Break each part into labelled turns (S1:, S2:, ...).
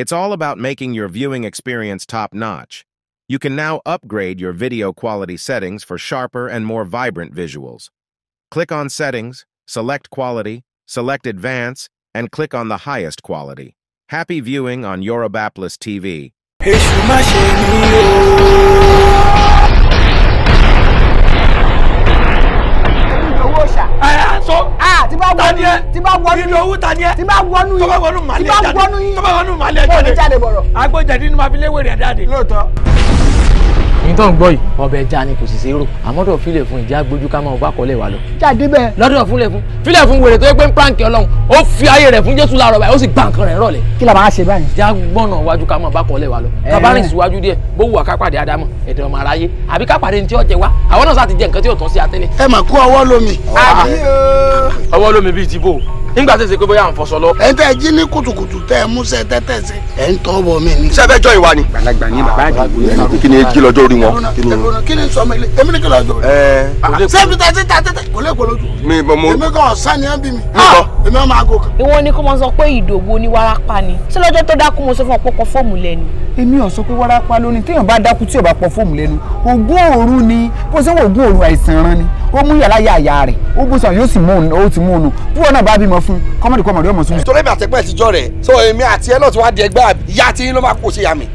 S1: It's all about making your viewing experience
S2: top-notch. You can now upgrade your video quality settings for sharper and more vibrant visuals. Click on Settings, select Quality, select Advance, and click on the highest quality. Happy viewing on Yorubapolis TV.
S3: tí bá wọnú yín owó ta ni ẹ
S4: tí bá wọnú yín tí bá wọnú màlẹ jáde tí bá wọnú màlẹ jáde agbójáde ni ma fi léwèrè jáde. lóòótọ́ ní tó ń gbọ́ yìí. ọbẹ̀ já ni kò sì ṣe rò àmọ́ tó filẹ̀ fún ìjà gbójú ká máa bá kọ́lé wa lọ. jáde bẹ́ẹ̀. lọ́dọ̀ fúnlẹ̀ fún filẹ̀ fún wèrè tó yẹ pé ń pàǹkì ọlọ́run ó fi ayé rẹ̀ fún jésù láàrọ̀ báyìí ó sì gba nǹkan rẹ̀ rọ̀lẹ́. kí la máa ṣe báyìí. já gbọ́nà wájú ká máa bá kọ́lé wa lọ. kábàárìn síwájú díẹ̀ bó wù wá ká pàdé ádámù ẹ̀dẹ̀ ọmọ aráyé àbí ká pàdé tí ó jẹ wá àwọn náà sá ti jẹ nǹkan tí ò tán sí atẹ́lẹ̀. ẹ mà kó ọwọ́ lómi. ọwọ́ lómi bíi ti bò nígbà tẹ̀sí pé bóyá à ń fọṣọ lọ. ẹ tẹ jí ní kùtùkùtù tẹ ẹ tẹtẹ sí. ẹ ń tọ́ bọ mi ni. sẹfẹ jọ ìwà ni. gbàlagbà ni bàbá àdìgbò. kí ni kí lọ́jọ́ orí wọn. kí ni sọmọ ilé èmi ni kí lọ́jọ́ orí. ẹẹ
S5: sẹbi tẹ ti ta tẹtẹ kò lè kó lójú.
S1: mi
S4: bọ mo. èmi
S5: kan ọ̀sán ni ẹ bí mi. Ah, èmi ọmọ aago kan. ìwọ ni kó mọ sọ pé ìdòwò ni wárápá ni tí lọ́jọ́ tó dákú mo sọ fún ọ̀pọ̀ fọ́ọ̀mù lẹ́nu. èmi ò sọ pé
S4: wárápá ló téèyàn bá dákú tí ò bá pọ̀ fọ́ọ̀mù lẹ́nu ògùn òru ni bó ṣe ògùn òru àìsàn ran ni ó mú yàrá yàyà rẹ̀ ó bó yóò sì mú òun ó bí wọn náà bá bímọ lọ fún kọ́mọ̀dé kọ́mọ̀dé ọmọ sùn. torí bí àtẹ̀pẹ́ ti jọ rẹ̀ so èmi àti ẹ náà wá di ẹgbẹ́ ìyá tí yín ló máa kó ṣe yà mí.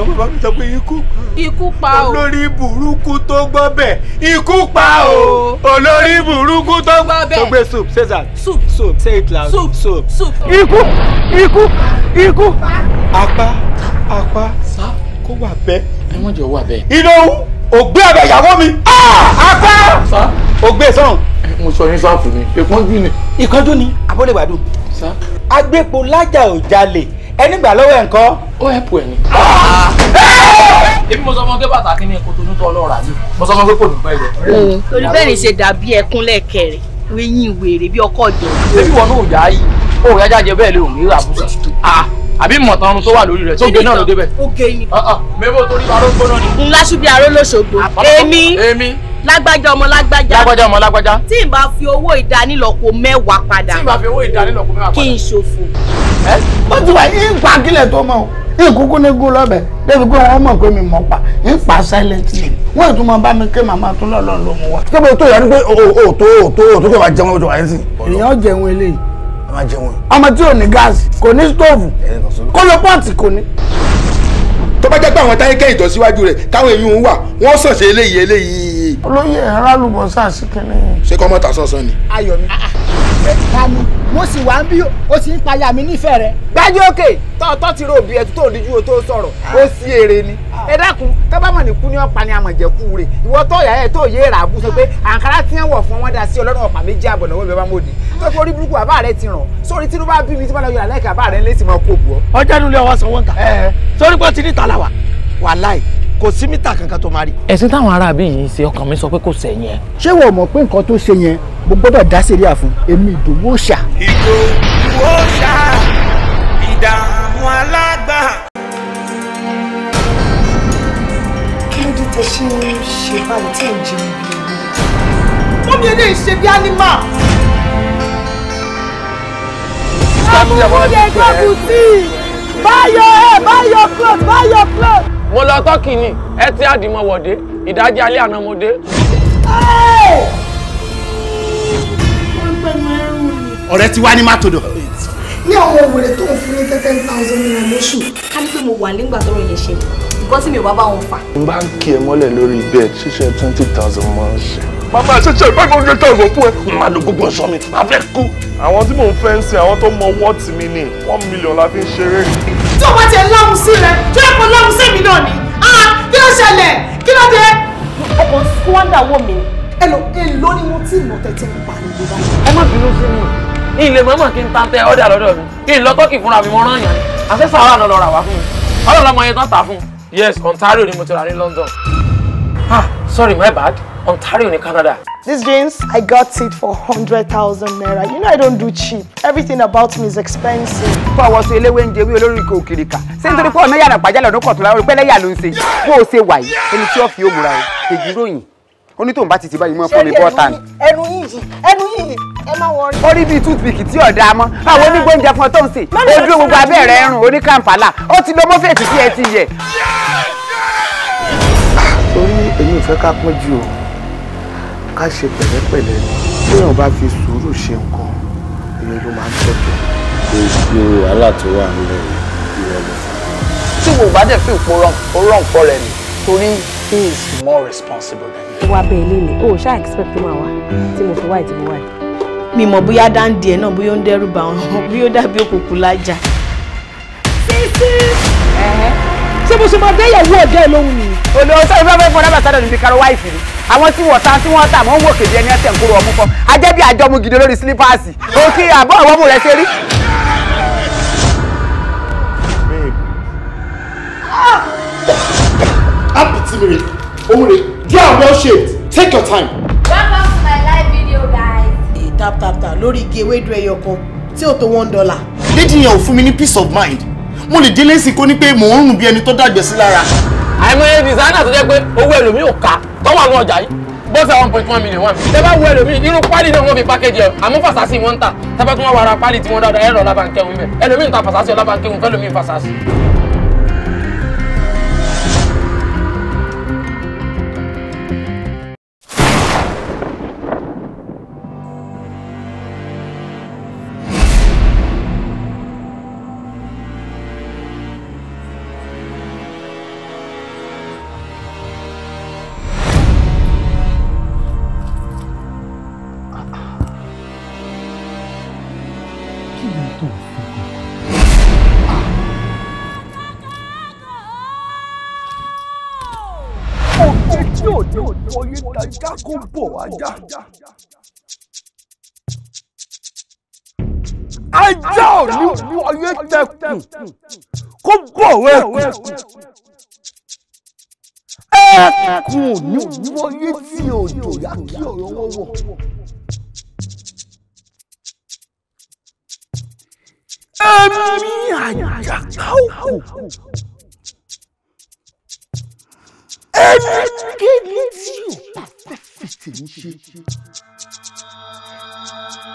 S4: ọmọ bàbá mi sọ pé ikú. ikú pa o. olórí burúkú tó gbọ́ bẹ̀ ikú pa o. olórí burúkú tó gbọ́ bẹ̀. tó gbé soup cesar soup soup say it loud soup soup ikú ikú ikú. apá apá kó wà bẹ́ẹ̀. ẹ wọ́n jọ wà bẹ́ẹ̀. ìlọ́wù ògbé ọbẹ̀ ìyàwó mi ah! apá ògbé sọ̀hún. mo sọ yín sáàfù ni ìkánjú ni. ìkánjú ni abọ́lẹ̀gbàdùn. agbépo lájà ò jalè ẹni gbà lọ́wọ́ ẹ̀ ń kọ́. ó ẹ̀ pù ẹ̀ ni. Ah!
S5: èmi mo sọ fún pé bàtà kí ni kò tónú tó ọlọ́ọ̀rà ni mo sọ fún pé kò ní bẹ́ẹ̀ lọ. Mm. torí bẹ́ẹ̀ ni ṣe dàbí ẹkún lẹ́ẹ̀kẹrẹ wíyìn wèrè bí ọkọ̀ jẹ.
S4: ebi wọn náà ò yá yìí ó yájà jẹ bẹ́ẹ̀ lé òun ní ìrà àbí mọ̀tàn ọrùn tó wà lórí rẹ̀ tó gbé náà ló débẹ̀. oge ni. mẹ́bò torí aró gbóná ni. ńlá ṣubí aró lóṣogbo. èmi èmi. lágbájá ọmọ lágbájá. lágbájá ọmọ lágbájá. tí n bá fi owó ìdánilọ́kọ mẹ́wàá padà. tí n bá fi owó ìdánilọ́kọ mẹ́wàá padà. kí n ṣòfò. ẹ ó ti wà ní ipa kílẹ̀ tó mọ̀ ìkúkú ní gún lọ́bẹ̀ débi pé wọ́n mọ̀ pé mi mọ̀ pa ń pa silently wọ́n tún mọ bá mi ké màmá tún máa jẹun. ọmọ tí ò ní gáàsì kò ní stóòfù kó lọ pọ́ọ̀tì kò ní. tó bá jẹ́ pé àwọn táyé kẹ́yìn tó síwájú rẹ̀ káwọn èyí ń wà wọ́n sàn ṣe eléyìí eléyìí. olóyè ẹ̀rọ alùbọ̀sà sí kínní. ṣé kọ́ mọ́ta sọ́sọ́ ni. ayọ̀ mi ta ni mo sì wá ń bí o ti ń payà mi nífẹ̀ẹ́ rẹ. gbájú òkè tọ́ọ̀tọ́ ti rò bí ẹtú tó díjú o tó sọ̀rọ̀ ó ah. sí èrè ni ẹ dákun tó bá mọ̀ ní kú ní ọ̀pá ni àmọ̀jẹ̀kú rẹ̀ ìwọ tó yà ẹ̀ tó yé rà bú sọ pé àǹkárá tí wọ́n wọ̀ fún wọn dá sí ọlọ́run ọ̀pá méjì àbọ̀ lọ́wọ́ ìbẹ́ bá mọ̀ òde tó fi orí burúkú bàbá rẹ ti ràn sórí tí ló bá bí mi tí wọ́n lọ yọ àlẹ́ kà bàbá rẹ lẹ́sìn máa kó bu ọ. ọjọ́ inú ilé ọwọ́ sanwó ń ta sórí pé ti ní ìtàlá wa wàláì kò sí mítà kankan tó máa rí. ẹ̀sìn táwọn aráàbí yìí ń ṣe ọkàn mi sọ pé kò sẹ́yìn ẹ. ṣé wọ́n mọ̀ pé nǹkan tó ṣe yẹn mo gbọ́dọ̀ dá síríà fún èmi ìdòwò ṣà. ìdòwò ṣà ìdá tẹ ṣe ń ṣe báyìí tẹ ń jẹun bí
S3: ẹni. wọ́n mi eléyìí ṣe bí ánímà. amúyẹ gbọ́dọ̀ sí i báyọ̀ ẹ̀ báyọ̀ close báyọ̀
S4: close. mo lọ tọ́kì ni ẹ ti àdìmọ̀wọ̀dé ìdájí alẹ́ àná mo dé. ọ̀rẹ́ ti wá ní mátòdò
S5: ní àwọn òwèrè tó ń fún ní ten thousand naira lóṣù. ká ní pé mo wà nígbà tọrọ yẹn ṣe nǹkan tí mi ò bá bá wọn fà.
S4: n bá ń kí ẹ mọ́lẹ̀ lórí bed ṣíṣe twenty thousand máa ń ṣe. màmá ṣíṣe five hundred thousand fún ẹ màá lo gbogbo ọ̀ṣọ́ mi màá fẹ́ kú. àwọn
S2: tí mò ń fẹ́ ń sin àwọn tó mọ wọ́ọ̀tì mi ni one million la fi ń ṣeré.
S5: tí o bá tẹ láhùn sí rẹ tó yẹ kó láhùn sí mi náà ni kí ló ṣẹlẹ̀ kí ló dé. ọkọ̀ skwanda wọ̀ mí. èlò èlò ni mo ti nà tẹ̀tẹ̀ ń pa nìyẹn báyìí. ẹ má bínú sí mi
S4: ilé mọ́mọ́ kí n ta tẹ ọ́dà lọ́dọ̀ mi kí n lọ tọ́kì fúnra mi mo rán yàn ni àṣẹ sàrà lọ́ọ́ ra wá fún mi ọlọ́ọ̀lọ́mọ yẹn tán tà fún un yes ontario ni mo ti rà ní london ah sorry my bad ontario ní canada.
S5: These jeans, I got it for 100,000 naira. You know I don't do cheap. Everything about me is expensive. Fọ́ àwọn ṣe eléwé ń wí olórí ikọ̀ òkèrè Ṣé nítorí pé ọ̀nà
S4: yàrá pàjálẹ̀ ọ̀dún kọ̀tùnlá orí pẹ́lẹ́yà ló ń ṣe? Bó o ṣe wà yìí, ẹni tí ó fi òmùra o, èjì ròyìn ó ní tóun bá ti ti báyìí mọ́ fún mi bọ́ta ni.
S5: ẹnu yìí yìí ẹnu yìí ẹ má wọrí.
S4: ó rí bíi toothpick tí ọ̀dà mọ́ àwọn onígbóúnjẹ fún ọ tó ń sè ojú gbogbo abẹ́rẹ́ ẹrùn oníkàǹfàlà ó ti lọ mọ́fẹ̀ẹ́tì tí ẹ ti yẹ. torí èmi ò fẹ́ ká pọ́n jù o ká ṣe pẹ̀lẹ́pẹ̀lẹ́ ni téèyàn bá fi sùúrù ṣe nǹkan èèyàn ló máa ń tọ́jú. oṣù wàhálà tó wà nílẹ̀ ìrọ̀lẹ́. tí wo bá dẹ̀ fi òpó rọ̀ ń pọ̀ rẹ̀ ni
S5: torí he is more responsible than you ó wá bẹ́ẹ̀ lé ní o ò ṣáà expect tó máa wá tí mo fi wá ìtì mo wá yìí. mi mọ̀ bóyá dáńdì ẹ̀ náà bóyá ó ń dẹ́rù bà wọ́n bóyá ó dàbí òkùnkùn lájà. sísí ṣé mo ṣe máa bẹ́ ìyàwó ọ̀dọ́ ẹ̀ lóhùn mi. olùwọ́ sọ ìfẹ́ fẹ́ fún ọ̀nà bàtà lónìí fi karọ wáìfì ni
S4: àwọn tí wọ́n ta tí wọ́n ta wọ́n wò kéde ẹni ẹsẹ̀ nkúrò ọmú kọ́ ajẹ́ bí àjọmu gidi lórí sílípáàsì òkè àbọ̀ àwọn ọmọ rẹ̀ ṣe rí. Ah! apìtì mi clear and well shaped take your time.
S6: welcome to my live video guys.
S5: ẹ tap tap tap Lori, give ewédú ẹyọ
S4: kan tí ò tó one dollar. lady yẹn ò fún mi peace of mind Money lè délé sí kó ní pé mò ń rùn bí ẹni tó dàgbẹ́ sí lára. àìmọye designer tó jẹ́ pé owó ẹlòmíì ò ká tọ́wọ́ àwọn ọjà yìí bọ́sẹ̀ one point one million one tẹ́ bá wo ẹlòmíì nínú páálí náà wọ́n fi pákéjì ẹ̀ àmọ́ fàṣásì wọ́n ń tà tẹ́ bá tún wá wàrà páálí tí wọ́n dáadáa ẹ̀rọ ọ̀làbànkẹ́hùn ibẹ̀ the bank. ta fàṣásì ọ̀làbànkẹ́hùn fẹ́lòmíì fàṣásì. ajá kó bò ajá. ajá ò ní wọlé tẹkùn kó bò wẹ́kùn. ẹ̀ẹ̀kùn ò ní wọlé
S3: tí òjò yá kí ọ̀rọ̀ wọ́n wọ̀. ẹ̀mí àjàká òkú ẹnikẹ́ni tí yóò bá fẹ́ fèsì ní ṣe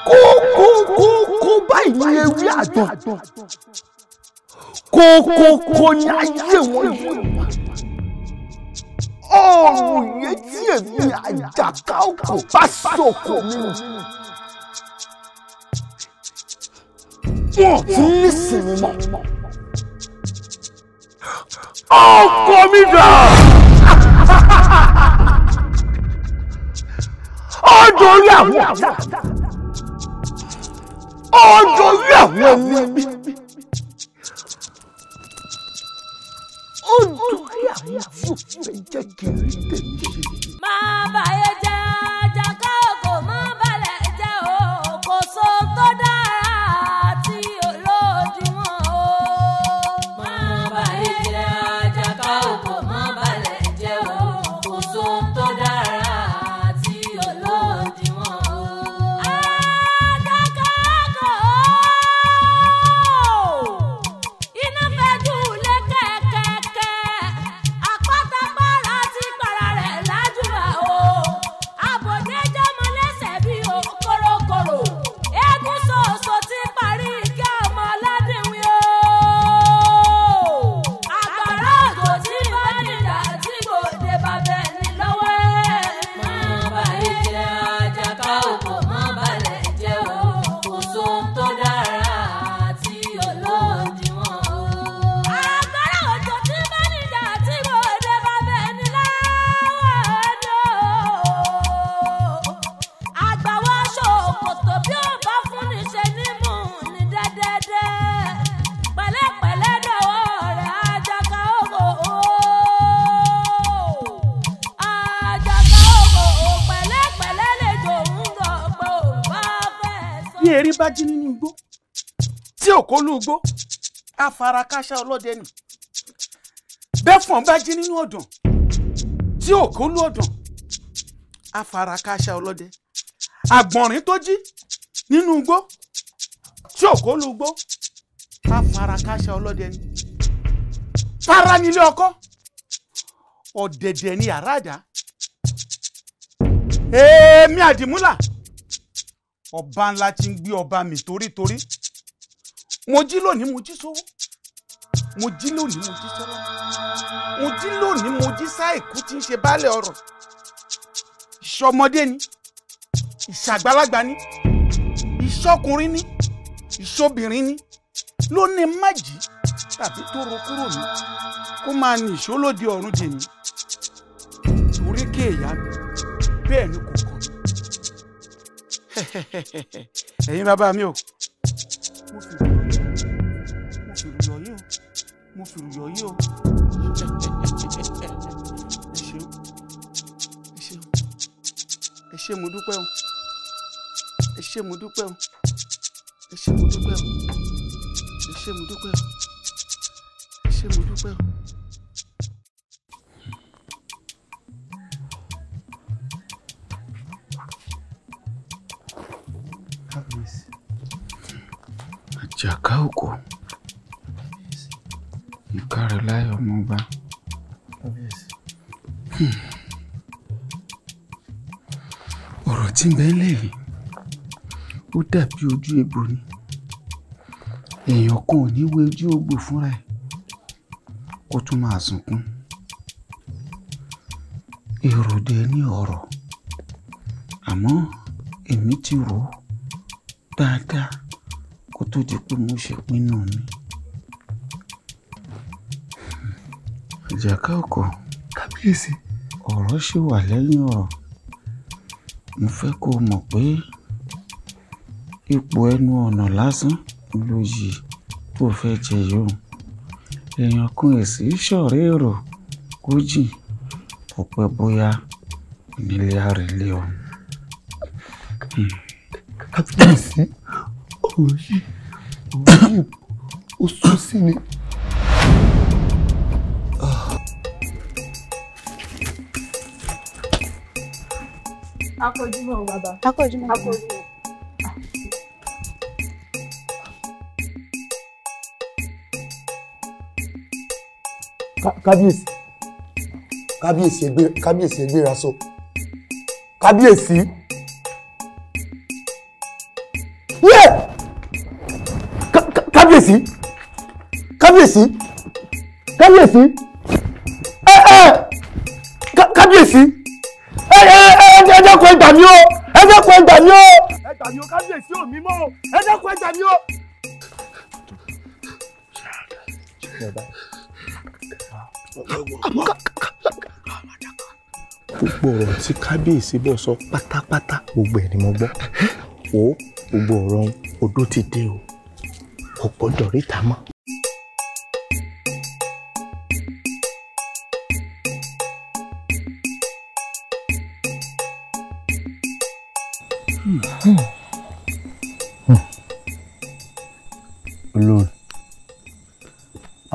S3: kó kó kó kó báyìí ní ewé àjọ kó kó kó ní ayé wọn yóò wá ọrùn yẹn tí èmi àjàká òkò bá sọkò mi wọn tún nísìnyí mọ ọkọ mi dà. ó dorí àwọn ọ̀tá ó dorí àwọn ẹni bí ó dorí àwọn fún ẹ̀jẹ̀ kiri
S6: tèmi. má bàyẹ̀ jẹ́.
S4: afarakáṣá ọlọ́dẹ nì bẹ́fọ̀n bá jí nínú ọ̀dàn tí òkú lù ọ̀dàn afarakáṣá ọlọ́dẹ àgbọ̀nrín tó jí nínú igbó tí òkú lù igbó afarakáṣá ọlọ́dẹ nì tara nílé ọkọ ọ̀dẹ̀dẹ̀ ni àràdá èèmí àdìmúlà ọba ńlá ti ń gbé ọba mi torítorí. Torí mo jí lónìí mo jí sówó mo jí lónìí mo jí sówó mo jí lónìí mo jí sáìkú tí ń ṣe baálẹ̀ ọ̀rọ̀ ìṣọmọdé ni ìṣàgbàlagbà ni ìṣọkùnrin ni ìṣobìnrin ni lónìí májì tàbí tó ro kúrò ní kó máa ní ìṣólódì ọ̀run dè mí torí kéèyàn bẹ́ẹ̀ ni kò kọ́ mi ẹ̀yin bàbá mi o mo fi mo fi yọ̀ yí o. ẹ ṣeun ẹ ṣeun ẹ ṣe mo dúpẹ́ o ẹ ṣe mo dúpẹ́ o ẹ ṣe mo dúpẹ́ o ẹ ṣe mo dúpẹ́ o ẹ ṣe mo dúpẹ́ o.
S1: kábíyèsí. àjàká Caroline
S4: ọmọọba. ọ̀rọ̀ tí ń bẹ lẹ́yìn ó dàbí ojú egbò ni èèyàn kan ò ní wo ojú egbò fúnra ẹ̀ kó tún máa sunkún èrò dé ní ọ̀rọ̀ àmọ́ èmi ti rò ó dáadáa kó tó di pé mo ṣèpinnu mi. ìjàká ọkọ̀ kábíyèsí ọ̀rọ̀ ṣì wà lẹ́yìn ọ̀rọ̀ mo fẹ́ kó o mọ̀ pé ipò ẹnu ọ̀nà lásán ló yí tó fẹ́ jẹ yòó èèyàn kan èsì ṣọ̀rẹ́ èrò kó jìn kó pẹ́ bóyá nílé
S7: àrèlé o. Hmm.
S4: kábíyèsí ọ̀rọ̀
S3: yìí ọ̀rọ̀ yìí ó sún sí ni.
S5: de de novo, akọjúmọ̀ bàbá. akọjúmọ̀ akọjúmọ̀.
S4: kábíyèsí kábíyèsí ẹgbẹ́ kábíyèsí ẹgbẹ́ ra sọ kábíyèsí. kábíyèsí kábíyèsí kábíyèsí ẹ eh, ẹ eh! kábíyèsí ẹ̀dẹ́kun ẹgbà mí o ẹ̀dẹ́kun ẹgbà mí o. ẹgbà mí o kábíyèsí ò mímọ́ o ẹ̀dẹ́kun ẹgbà mí o. gbogbo ọ̀rọ̀ tí kábíyèsí bọ̀ sọ pátápátá gbogbo ẹ̀ ni mo gbọ́ o gbogbo ọ̀rọ̀ odò ti dé o kò gbọ́dọ̀ ríta mọ́.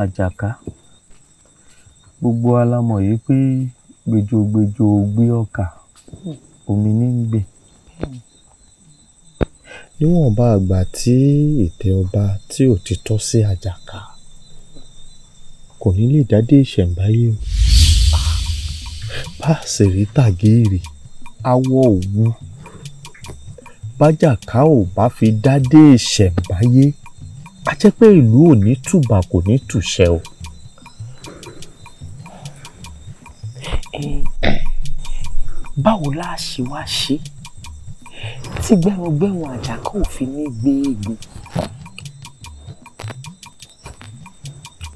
S7: Àjàká gbogbo wa la mọ̀ yìí pé gbèjògbèjò ò gbé ọkà omi ní í gbè. níwọ̀nba àgbà tí ìtẹ́ ọba tí ò ti tọ́ sí Àjàká kò ní lè
S4: dádé ìṣẹ̀ǹbáyé o bá a sì rí tàgéèrè awọ òwu bájàká ò bá fi dádé ìṣẹ̀ǹbáyé a jẹ́ pé ìlú ò ní tùbà kò ní tùṣẹ́ o. báwo la ṣe wá ṣe tí gbẹ̀rùngbẹ̀rùn àjàkà òfin ní gbéègbé.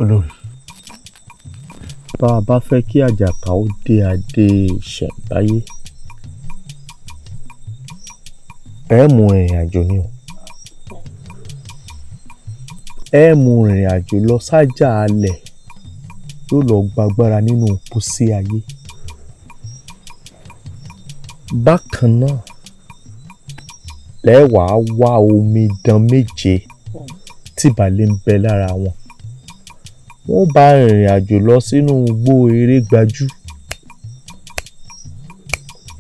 S4: olórí bá a bá fẹ́ kí àjàkà ó dé adé ìṣẹ̀báyé
S7: ẹ̀ mú ẹ̀rìn àjò ni o ẹ mú rìnrìn àjò lọ sájà alẹ̀ yóò lọ gbàgbára nínú pósí ayé bákan náà
S4: lẹ́wàá wá omidan méje
S7: tìbàlẹ̀ ń bẹ lára wọn wọ́n bá rìnrìn àjò lọ sínú igbó eré gbajú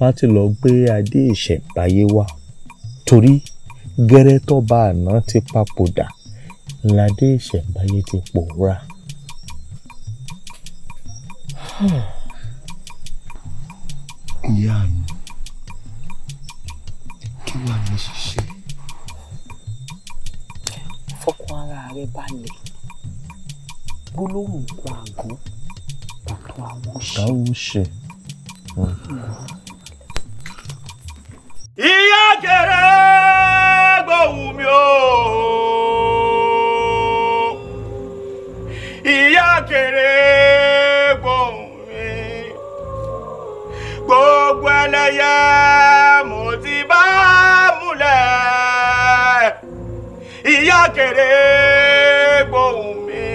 S7: láti lọ gbé adé ìṣẹ̀ǹbáyé wá torí gẹ́rẹ́ tó bá àná ti papòdà ládé ìṣẹ̀ǹbáyé ti pòórá.
S3: ìyá mi kí wà ní ṣíṣe.
S5: fọkàn ara rẹ balẹ̀
S4: gbólóhùn kó àgọ́
S3: pàtó àwọn ṣe. táwọn ṣe. Hmm.
S4: ìyá kẹrẹ gbóhùn mi ooo ìyá kéré gbòhùn mi gbogbo ẹlẹ́yẹ mo ti bá múlẹ̀ ìyá kéré gbòhùn mi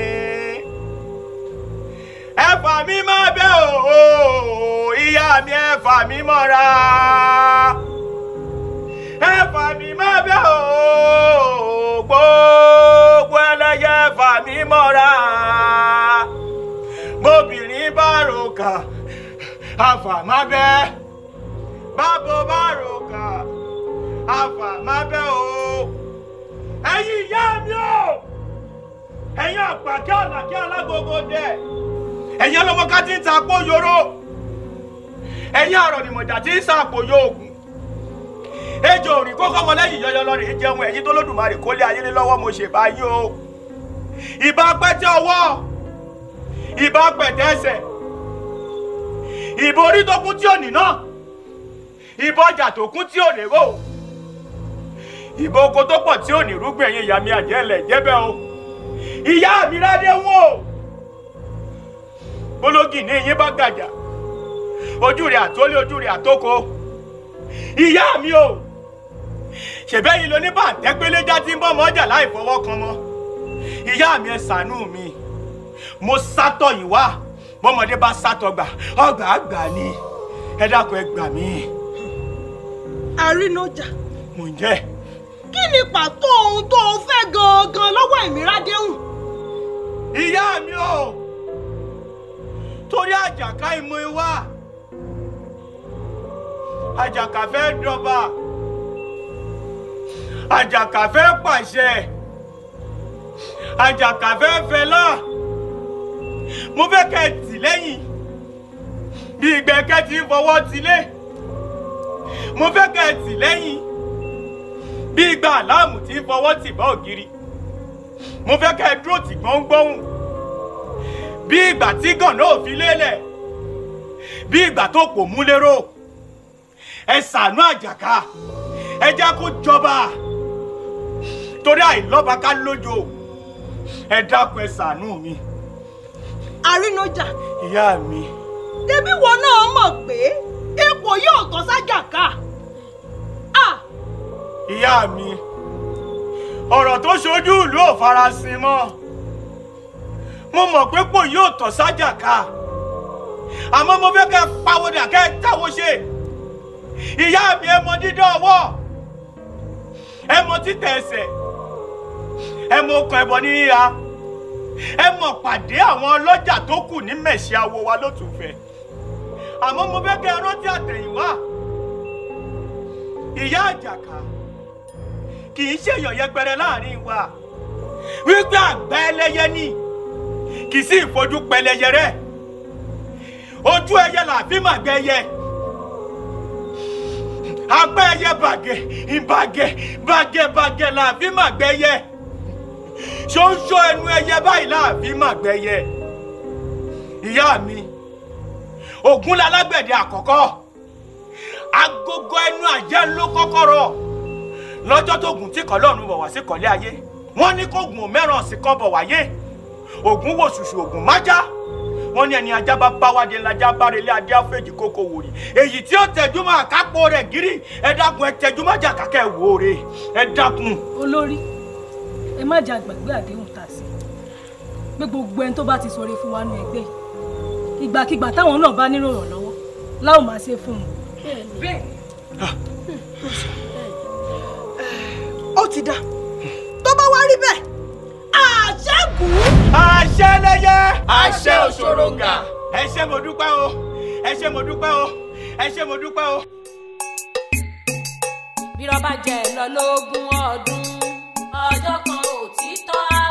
S4: ẹ̀fà mi má bẹ́ o ìyá mi ẹ̀fà mi mọ́ra ẹ̀fà mi má bẹ́ o gbòó mi mọ́ra bóbìnrin bá ròkà àfàmábẹ́ bábo bá ròkà àfàmábẹ́ o ẹ̀yin ìyá mi o ẹ̀yin àpàkẹ́ àlàkẹ́ alágogo dẹ̀ ẹ̀yin ọlọ́mọ ká ti ń ta pọ́ yòró ẹ̀yin àrọ̀nìmọ̀jà tí ń sàpò yóògùn ejò òrìn kókó ọmọlẹ́yìn yọyọ lọ́rẹ̀ ẹ̀jẹ̀ ohun ẹ̀yin tó lódùmarè kólé ayé lé lọ́wọ́ mo ṣèbáyé o ìbá pẹ́tẹ́ ọwọ́ ìbá pẹ̀tẹ́ ẹsẹ̀ ìbò orí tó kún tí ò ní náà ìbò ọjà tó kún tí ò lérò ìbò oko tó pọ̀ tí ò ní rúgbìn ẹ̀yìn ìyá mi àjẹ́lẹ̀ jẹ́bẹ́ o ìyá mi rádé wò bólógì ní ìyín bá gàjà ojú rẹ̀ àtólé ojú rẹ̀ àtókò ìyá mi o ṣèbẹ́yìn lóní bàtẹ́gbélé já tí ń bọ́ mọ́jà láì fọwọ́ kan mọ́ ìyá mi ẹ ṣàánú mi mo sátọ̀ yìí wá bọ́mọdé bá sátọ̀ gbà ọgbà àgbà ni ẹ dákun ẹ gbà mí. àrínájà. mo ń jẹ́. kí ni pàtó ohun tó o fẹ́ gangan lọ́wọ́ ìmírádéhùn. ìyá mi o torí àjàká ìmọ̀ ìwà àjàká fẹ́ dọba àjàká fẹ́ pàṣẹ àjàkàfẹ́fẹ́ náà mo fẹ́ kẹ́ ẹ tì lẹ́yìn bí ìgbẹ́kẹ́ ti ń fọwọ́ tilé mo fẹ́ kẹ́ ẹ tì lẹ́yìn bí igba àláàmù ti ń fọwọ́ tìbá ògiri mo fẹ́ kẹ́ ẹ dúró tì gbọ́ngbọ́hùn bí ìgbà tí gànà ò fi lélẹ̀ bí ìgbà tó kò mú ẹ ṣàánú àjàká ẹ já kó jọba torí àìlọ́ba ká lójó. ẹ dákun ẹ mi. àrínájà. ìyá mi. débí wọn náà mọ̀ pé ipò yóò tọ́ sájà ká. ìyá mi ọ̀rọ̀ tó ṣojú ìlú ò farasin mọ́ mo mọ̀ pé pò yóò tọ̀ sájà ká àmọ́ mo fẹ́ kẹ́ mi ẹ mọ ọwọ́ ẹ ẹ mọ okùn ẹbọ ní híha ẹ mọ̀ pàdé àwọn ọlọ́jà tó kù ní mẹ̀sí awo wa ló tún fẹ́ àmọ́ mo fẹ́ kẹ́ ẹ rántí àtẹ̀yìnwá ìyá àjàká kì í ṣèyàn yẹpẹrẹ láàrin wa wípé àgbà ẹlẹ́yẹ ni kì í sì fojú pẹlẹyẹ rẹ ojú ẹyẹ làbí màgbẹyẹ apá ẹyẹ bàgẹ ìbàgẹ bàgẹ bàgẹ làbí màgbẹyẹ ṣóńṣó ẹnu ẹyẹ báyìí láàfin màgbẹ́yẹ ìyá mi ògún lálágbẹ̀dẹ àkọ́kọ́ agogo ẹnu àjẹ́ ló kọ́kọ́rọ́ lọ́jọ́ tó gùn tí kọ́lọ́run bọ̀ wá sí kọ́lé ayé wọ́n ní kó gùn mẹ́ràn sí kan bọ̀ wáyé ògún wò ṣùṣù ògún májá wọ́n ní ẹni ajá bá báwádé lajá bárelé adé àfẹjì kókó wòrì èyí tí ó tẹjú máa kápò rẹ̀ gírí ẹ dákun ẹ tẹjú májà kákẹ́ wòrè ẹ olórí
S5: ẹ má jẹ́ àgbàgbé àdéhùn tà sí pé gbogbo ẹni tó bá ti sọ̀rọ̀ fún wa nù ẹgbẹ́ ìgbàkigbà táwọn náà bá nílò ìrànlọ́wọ́ láò máa ṣe fún un.
S6: bẹ́ẹ̀ ah.
S5: ó ti dá
S4: tó bá wá rí bẹ́ẹ̀ àṣẹ kù. àṣẹ lẹyẹ àṣẹ òṣòròǹgà ẹ mo dúpẹ́ o ẹ ṣé mo dúpẹ́ o ẹ ṣé mo dúpẹ́ o.
S6: bí rọ́bà jẹ́ lọ lógún ọdún lọ́jọ́ kan òtítọ́ á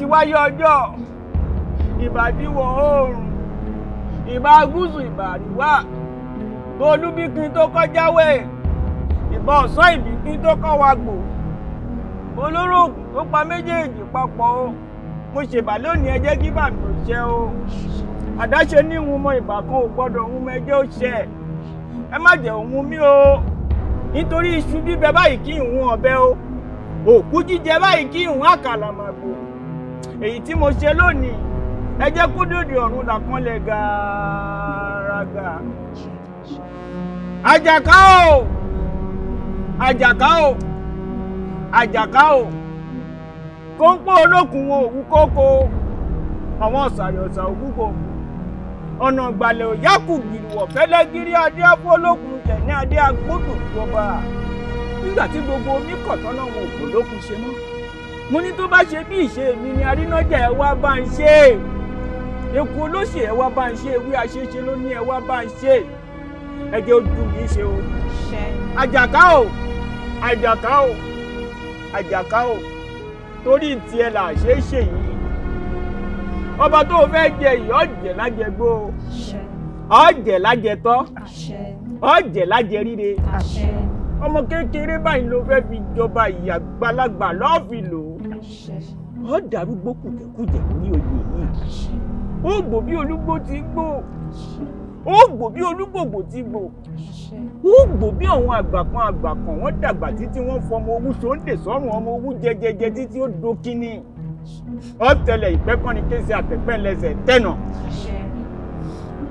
S4: ti wáyé ọjọ́ ìbàdíwọ̀ oòrùn ìbà gúúsù ìbà àríwá olúbíkin tó kọjáwé ìbà ọ̀sán ìbíkin tó kọ́ wa gbò olóró ògùn tó pa méjèèjì papọ̀ o mo ṣèbà lónìí ẹ kí bàmí ò ṣe o àdáṣe ní ìhun mọ ìbà kan ò gbọ́dọ̀ òun mọ ẹjẹ́ ò ṣe ẹ má jẹ́ òun mí o nítorí iṣu bíbẹ báyìí kí ìhun ọ̀bẹ o òkú jíjẹ báyìí kí ìhun àkàlà màgbò. èyí tí mo ṣe lónìí ẹ jẹ́ kó dòdì ọ̀run làpọ́nlẹ̀ gàràgà. àjàká o àjàká o àjàká o kóńpó olókùn òwú kókó àwọn ọ̀sàyọ̀sà ògúgbò ọ̀nà ìgbàlẹ̀ òyàkù gbìrìwọ̀ fẹ́lẹ́gírí olókùn tó bá a nígbà gbogbo omi náà wọn ò kò lókun mo ní tó bá ṣe bí ìṣe mi ni arínájà ẹ wá bá ń ṣe èkó olóṣè ẹ wá bá ń ṣe ewé àṣeṣe ló ní ẹ wá bá ń ṣe ẹ jẹ́ ó dùn ṣe o àjàká o àjàká o àjàká o torí tiẹ̀ là ṣe é ṣe yìí ọba tó o fẹ́ jẹ yìí ọ̀jẹ̀ lájẹgbó ọ̀jẹ̀ lájẹtọ́ ọ̀jẹ̀ lájẹríre ọmọ kékeré báyìí ló fẹ́ fi jọba ìyàgbàlagbà lọ́ọ́ lò ó ọ darúgbó kùjẹkùjẹ ní oyè yìí ó gbò bí olúgbó ti gbò ó gbò bí olúgbògbò ti gbò ó gbò bí àwọn àgbàkan àgbàkan wọn dàgbà títí wọn fọmọ owú sóńdè sọrùn ọmọ owú jẹjẹjẹ títí ó do kínní ọtẹlẹ ìpẹkànnì kése àtẹpẹlẹsẹ tẹnà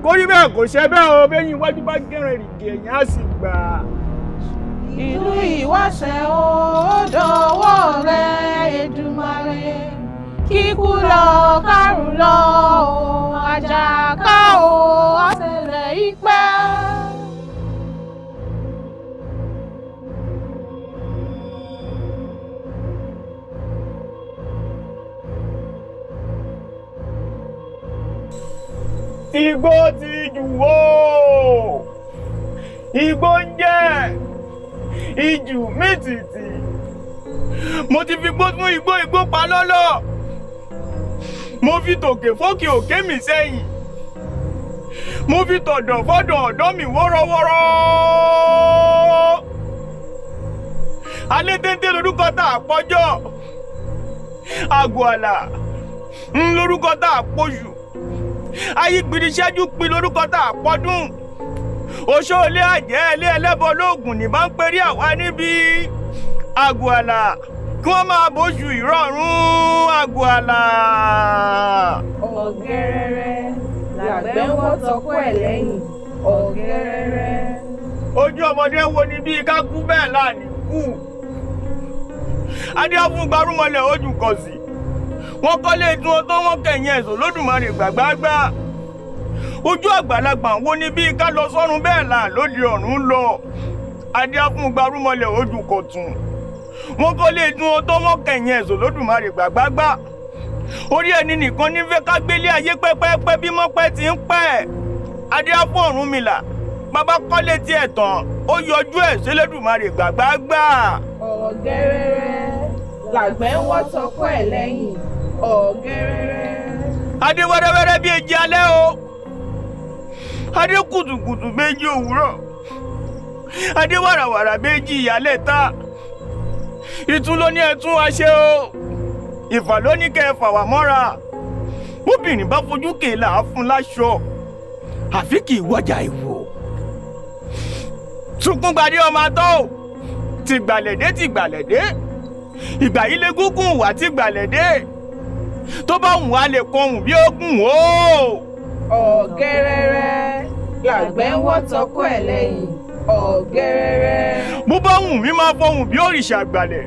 S4: kórìí bẹ́ẹ̀ kò ṣe bẹ́ẹ̀ o bẹyìn iwájú bá gẹrẹ rìgì ẹ̀yìn á sì gbà á ìlú ìwáṣẹ̀ ó dọwọ́ rẹ
S6: Èdùmàrè kíkú lọ kárùn lọ o àjàká o àṣẹlẹ̀ ìpẹ́.
S4: igbó ti jù wó igbó ń jẹ́ ìjù mítìtì mo ti fi gbó fún igbó igbó pa lọ́lọ́ mo fi tòkè fókè òkè mi sẹ́yìn mo fi tọ̀dọ̀ fọ́dọ̀ ọ̀dọ́ mi wọ́rọ́wọ́rọ́ alẹ́ téńté lorúkọ tá a pọ́jọ́ àgọ́àlà ń lorúkọ tá a pọ́jù ayé gbìrìṣẹ́jú pin lorúkọ tá a pọ́dún oṣoolé àjẹ́ ilé ẹlẹ́bọ lóògùn ní máa ń perí àwa níbi àgùàlà kí wọ́n máa bójú ìrọ̀rùn àgùàlà. ọ̀gẹ́rẹ́rẹ́ làgbẹ́ ń wọ́ tọkọ ẹ̀ lẹ́yìn
S1: ọ̀gẹ́rẹ́rẹ́.
S4: ojú ọmọdé wo ni bíi ká kú bẹ́ẹ̀ láàní kú adéhàfún gbarúmọlẹ̀ ojú kọ̀sì wọ́n kọ́lé tí wọ́n tó wọ́n kẹ̀yìn ẹ̀sùn lódùmarè gbàgbàgbà ojú àgbàlagbà wo ni bí ká lọ sọ́run bẹ́ẹ̀ là lóde ọ̀run lọ adé afúngbárúmọlẹ̀ ojú kò wọn kò lè dun ohun tó wọ́n lódùmarè gbàgbágbà orí ẹni nìkan ní fẹ́ ká gbélé ayé pẹ́pẹ́pẹ́ bí mọ́pẹ́ ti ń pẹ́ adé afún Ọ̀rúnmìlà bàbá kọ́lé tiẹ̀ tán ó yọjú ẹ̀ sílẹ̀dùmarè gbàgbágbà. ọ̀rọ̀ gẹ́rẹ́rẹ́ làgbẹ́ ń wọ́ tọkọ ẹ̀ lẹ́yìn ọ̀rọ̀ gẹ́rẹ́rẹ́. adé wẹ́rẹ́wẹ́rẹ́ bíi èjì alẹ́ o adé kùtùkùtù méjì òwúrọ̀ adé wàràwàrà méjì ìyálẹ̀ ta ìtún ló ní ẹtún wa ṣe o ìfà ló ní kẹ́ ẹ fà wá mọ́ra bóbìnrin bá fojú kèélà á fún láṣọ àfi kì í wọjà ìwò sunkún gbadé ọmọ atọ́ o ti gbàlẹ̀dé ti gbàlẹ̀dé ìgbà yìí lé gúngún wà ti gbàlẹ̀dé tó bá wùn á lè kọhùn bí ó gùn o.
S5: ọ̀gẹ́rẹ́rẹ́
S4: làgbẹ́ ń wọ́ tọkọ ẹ̀ lẹ́yìn
S5: ọ̀gẹ́rẹ́rẹ́.
S4: bó bá wù mí máa fọhùn bí òrìṣà àgbàlẹ̀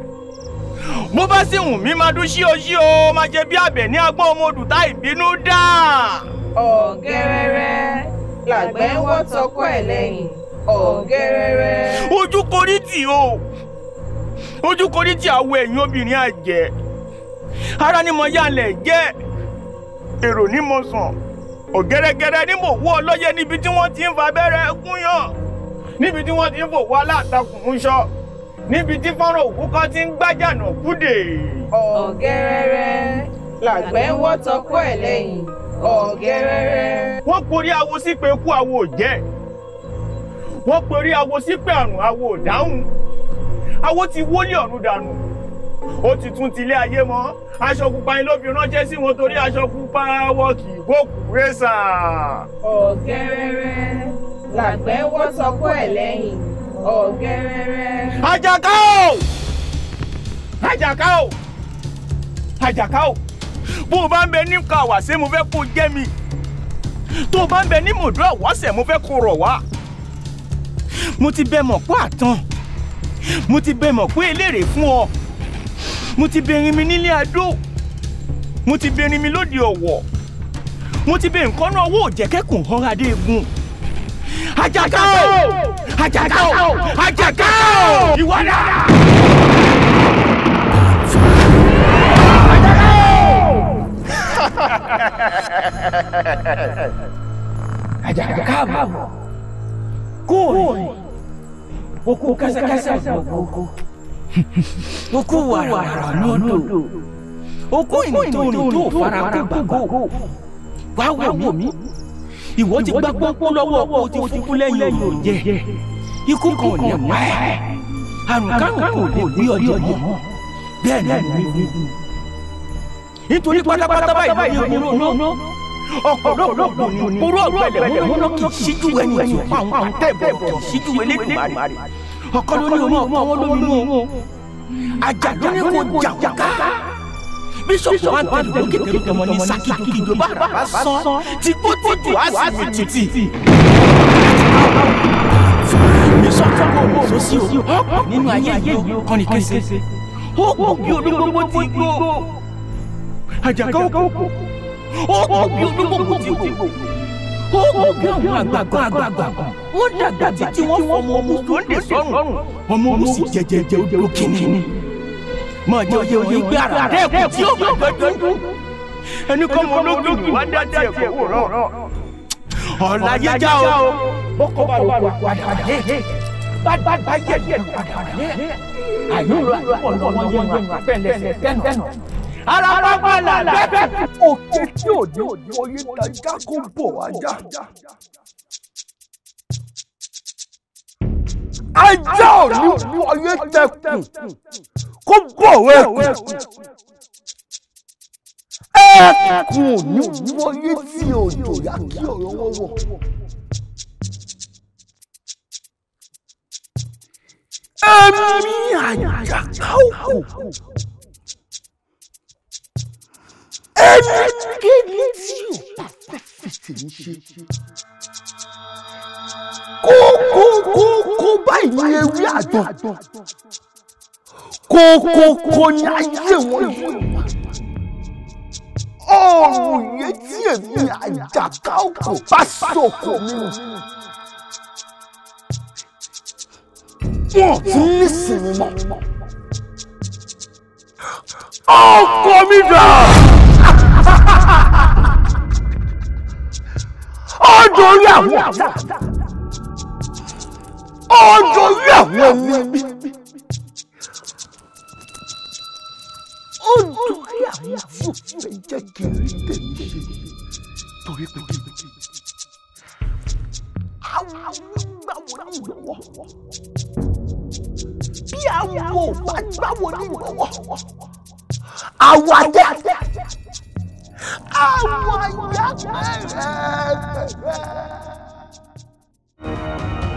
S4: bó bá sì wù mí máa dún sí o sí o máa jẹ bí àbẹ̀ ní agbọ́n ọmọ òdùtá ìbínú dà.
S5: ọ̀gẹ́rẹ́rẹ́
S4: làgbẹ́ ń wọ́ tọkọ ẹ̀ lẹ́yìn
S5: ọ̀gẹ́rẹ́rẹ́.
S4: ojú korí tì o ojú korí tì àwọ ẹ̀yìn obìnrin àjẹ́ ara ni mo yálẹ̀ jẹ́ èrò ni mo sàn ògẹ́rẹ́gẹ́rẹ́ ní mò wú ọlọ́yẹ níbi tí wọ́n ti ń fa abẹ́rẹ́ gúnyàn níbi tí wọ́n ti ń fòwú aláǹtakùn ń ṣọ níbi tí fọ́nrán òkú kan ti ń gbájànà kúdè.
S5: ọ̀gẹ́rẹ́rẹ́ làgbẹ́ wọ́ tọkọ ẹ̀ lẹ́yìn ọ̀gẹ́rẹ́rẹ́.
S4: wọ́n porí awo sí pé ikú awo jẹ́ wọ́n porí awo sí pé àrùn awo dáhùn awo ti wólé ọ̀run dànù ó ti tún ti ilé ayé mọ́ aṣọ pupa yín ló fi ránṣẹ́ sí wọn torí aṣọ pupa wọ kì í bókù rẹ́sà.
S6: ọ̀gẹ́rẹ́rẹ́ làgbẹ́ wọ́ sọkọ́ ẹ̀ lẹ́yìn ọ̀gẹ́rẹ́rẹ́.
S4: àjàká o àjàká o àjàká o bó o bá ń bẹ ní kàwá ṣé mo fẹ́ kó jẹ́ mi tó o bá ń bẹ ní mòdó àwọ̀ṣẹ̀ mo fẹ́ kó rọ̀ wá mo ti bẹ mọ̀ pé àtàn mo ti bẹ mọ̀ pé eléèrè fún ọ mo ti bẹ̀rin mi nílé àdó mo ti bẹ̀rin mi lóde ọ̀wọ̀ mo ti bẹ̀rin kọ́nà owó òjẹ̀kẹ́kùn ọ̀rọ̀ adé egun àjàká o àjàká o
S1: àjàká o ìwọ náà. àjàká o. àjàká káàbọ̀
S4: kóòrè oko Òkú wàrà lódò. Òkú ìnìtòrì tó fara kúgbàgò. Wá wò mí. Ìwọ ti gbá pọ́npọ́n lọ́wọ́ kó o ti fúkú lẹ́yìn òòjẹ́. Ikú kan ò ní pa ẹ́. Àrùn kárùn kò lè gbé ọjọ́ yìí mọ́. Bẹ́ẹ̀ ni mi rí. Nítorí pátápátá báyìí ló ní ronú ọ̀pọ̀lọpọ̀ ni orú ọ̀gbẹ̀lẹ̀ múná kì í ṣíjú ẹni tí ó pa àwọn kan tẹ̀ bọ̀ kì í ṣíjú ẹlẹ́dùn márì ọkọ lórí òun ọkọ wọn lómi mú o àjàdún ní kò jà wá ká bíṣọ̀pù wa tẹ̀lé lókè tẹ̀lé tọmọ ní sákìkì tó bá rà bá sán tí kò tìjú á sì mi títì. mi sọ fún ọ o nínú ayé yìí kọ́ ni kése ó kú bí olúgbogbo ti gbó àjàká ó kú bí olúgbogbo ti gbó ó gbé àwọn àgbàgbà àgbàgbà dàgbà títí wọ́n fọ ọmọ ọmọ lóńdè sọ́run ọmọ ọmọ sì jẹjẹjẹ odò kìíní máa jẹ oyè oyè gbé ara rẹ kù tí ó bá gbẹ dundun ẹni kọ́ mọ ológìnì wá dá tiẹ̀ kó wò rọ ọ̀la yíjá o bọ́kọ̀ bá wà padà dé bá yẹ̀ yẹ̀ padà dé àyùrọ̀ àti pọ̀ lọ́wọ́ yẹn wà pẹ́ẹ́lẹ́sẹ̀ tẹ́nu ara pápá là bẹ́ẹ̀ òkè tí ò ní oyè dájá kó bò wájà. ajá ò ní oyè tẹkùn kó bò wẹ́ kùn.
S3: ẹ̀ẹ̀kùn ò ní oyè tí òjò yá kí ọ̀rọ̀ wọn wọ̀. Èmi àjàká òkú ẹnikẹ́ni tí yóò you. fẹ́ fèsì ń ṣe kó kó kó kó báyìí ní ewé àgbọn kó kó kó ní ayé wọn yìí ọrùn yẹn tí èmi àjàká òkò bá sọkò mi nù. wọn ti nísìnyí mọ ọkọ mi dà. ọjọ́ orí àwọn ọ̀tá ọjọ́ orí àwọn ẹni ọjọ́ orí àwọn àfọ̀fẹ́ jẹ́ kiri tẹ̀lé torí pé
S4: àwọn gbàwọ̀ nígbàwọ̀
S3: bí àwọn ò bá gbàwọ̀ nígbàwọ̀ àwọn àjẹ́ àjẹ́ àjẹ́. Oh my God!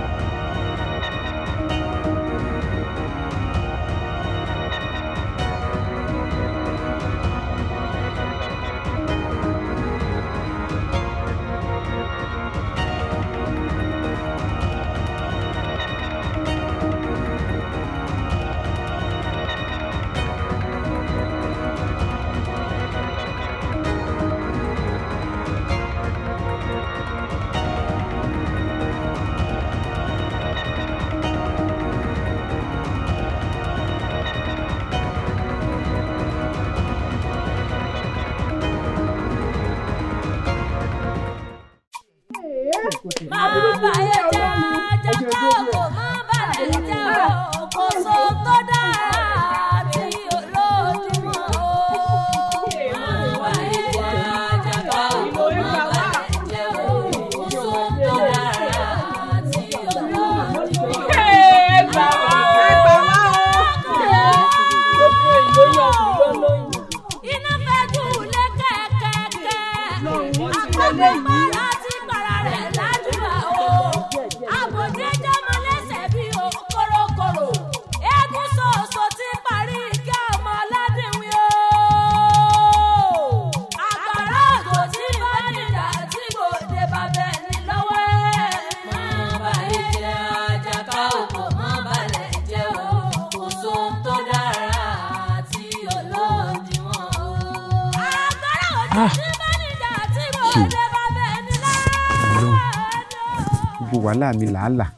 S4: wàhálà mi làálàá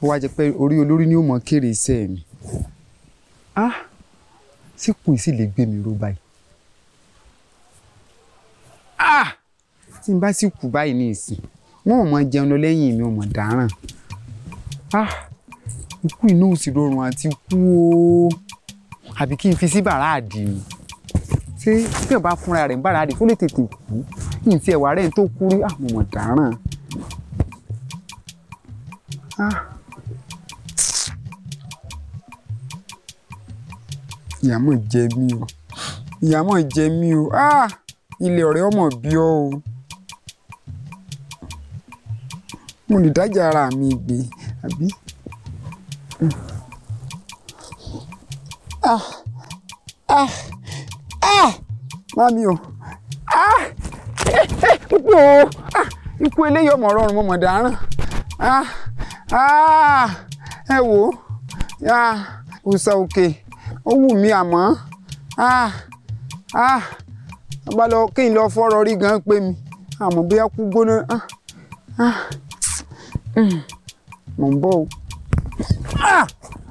S4: ó wá jẹ pé orí olórí ni ó mọ kéré iṣẹ́ mi ah síkùn sì lè gbé mi ró báyìí ah tí n bá sì kú báyìí ní ìsìn wọn ò mọ jẹun lọ lẹ́yìn mi ò mọ dáràn ah ikú iná ò sì rọrùn àti kú o àbí kí n fi sí bàrá àdì mi ṣé bí wọn bá fúnra rẹ̀ ń bàrá àdì kó lè tètè kú kí n tiẹ̀ wà rẹ̀ ń tó kú rí àmọ̀mọ̀ dáràn. Ah. ìyàmọ̀ jẹ mí o ìyàmọ̀ jẹ mí o ah! ilé ọ̀rẹ́ ọmọ bí ọ o mo lè dájà ara mi gbé àbí. ah ah ah mami o ah ikú o ah! ikú eléyìí ọmọ ọrọrùn mo mọ̀ dáràn ah. Ah, ẹ wò ó òòsà òkè ó wù mí àmọ́ ah, ah, bá lọ kí n lọ fọ́rọ̀ rí gan pé mi àmọ́ bóyá kú gbóná hmm, mò ń bọ̀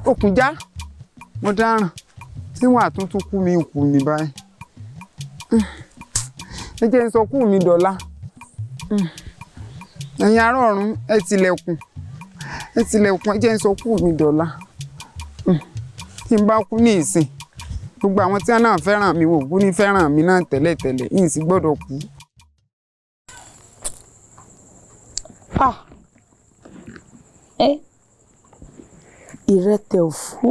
S4: o ah já mo dáràn tí wọn àtúntún kú mi kù ní báyìí hmm, ẹ jẹ́ sọ kú mi dọ̀la hmm, ẹ̀yin ará ọ̀run ẹ tilẹ̀kùn. ẹ tilẹ̀kùn ẹ jẹ́ ń sọ kú mi dọ̀la tí n bá kú ní ìsìn gbogbo àwọn tí wọn náà fẹ́ràn mi wò kú ní fẹ́ràn mi náà tẹ́lẹ̀tẹ́lẹ̀ yìí sì gbọ́dọ̀ kú.
S5: Ah. ìrẹtẹ̀ òfú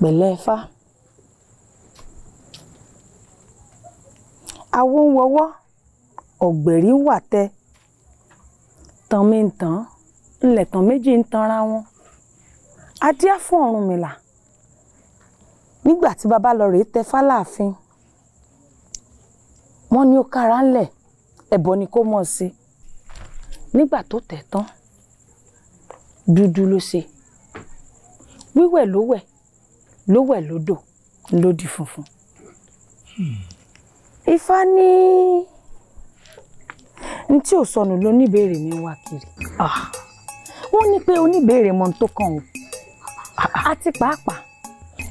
S5: pẹ̀lẹ́ fá àwọn ń wọwọ́ ọ̀gbẹ̀rí wà tẹ́ ìtàn mi ń tàn ńlẹ̀tàn méjì ń tanra wọn a díá fún Ọ̀rúnmìlà nígbà tí baba lọ rèé tẹfá láàfin wọ́n ní ó kára ńlẹ̀ ẹbọ ni kó mọ̀ sí nígbà tó tẹ̀ tán dúdú ló ṣe wíwẹ̀ ló wẹ̀ ló wẹ̀ lódò ló di funfun. Hmm. Ifá ní. Ni n tí ò sọnù ló níbèrè mi wá kiri ah. wọ́n ní pé oníbèrè mọ tó kàn ó àti pàápàá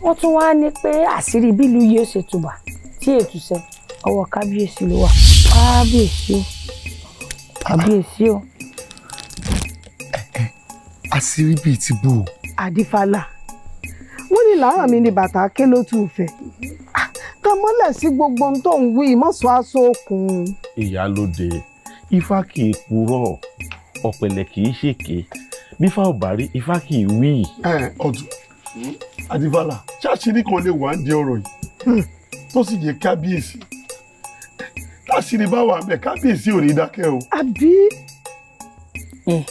S5: wọ́n tún wá ní pé àṣírí bílù yìí ó ṣe tùbà tí ètùsẹ ọwọ́ kábíyèsí ló wà kábíyèsí o kábíyèsí o.
S3: àṣírí bíi ti bò.
S5: àdìfàlà wọ́n ní làárọ̀ mi ni bàtà ké ló tún fẹ́ ah, tọmọlẹ̀ sí gbogbo ohun tó ń wí mọ́sọ̀ aṣọ okùn.
S2: ìyálóde ifá kì í purọ́ ọ̀pẹ̀lẹ̀ kì í ṣèké bífá ò bá rí ifá kì í wí. ẹ ọdún adifala ṣáṣírí kan lè wà ń di ọ̀rọ̀ yìí hmm, tó sì yẹ kábíyèsí táṣírí bá wà bẹ kábíyèsí ò ní dákẹ́ o.
S5: àbí hmm,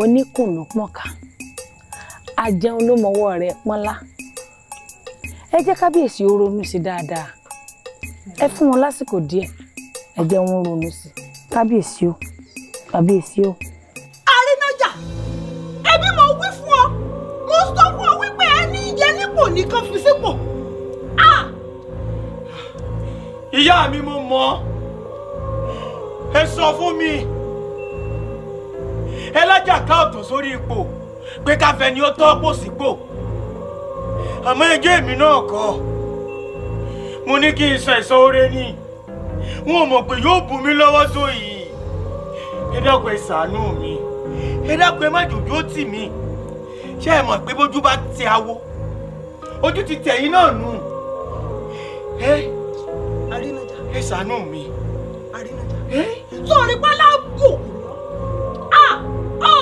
S5: oníkùnà pọ̀nká ajẹun ló mọwọ́ rẹ̀ pọ́nlá ẹ jẹ́ kábíyèsí ó ronú sí dáadáa ẹ fún wọn lásìkò díẹ̀ ẹ jẹ́ wọn ronú sí i kábíyèsí o kábíyèsí o. àrínájà
S4: ẹbí mo wí fún ọ mo sọ fún ọ wípé ẹni ìyẹ nípò nìkan fi sípò. ìyá mi mo mọ̀ ẹ sọ fún mi ẹlẹ́jà ká ọ̀tọ̀ sórí ipò pé káfẹ́ ni ó tọ́ pò sípò àmọ́ ẹjọ́ èmi náà kọ́ mo ní kí n sọ ìsọ oore ni wọn ò mọ̀ pé yóò bù mí lọ́wọ́ tó yìí ẹ dákun ẹ ṣàánú mi ẹ dákun ẹ má jòjó tì mí ṣé ẹ mọ̀ pé bójú bá ti awo ojú ti tẹ̀yìn náà nù ẹ ẹ ṣàánú mi.
S5: sọ̀rí pálá bò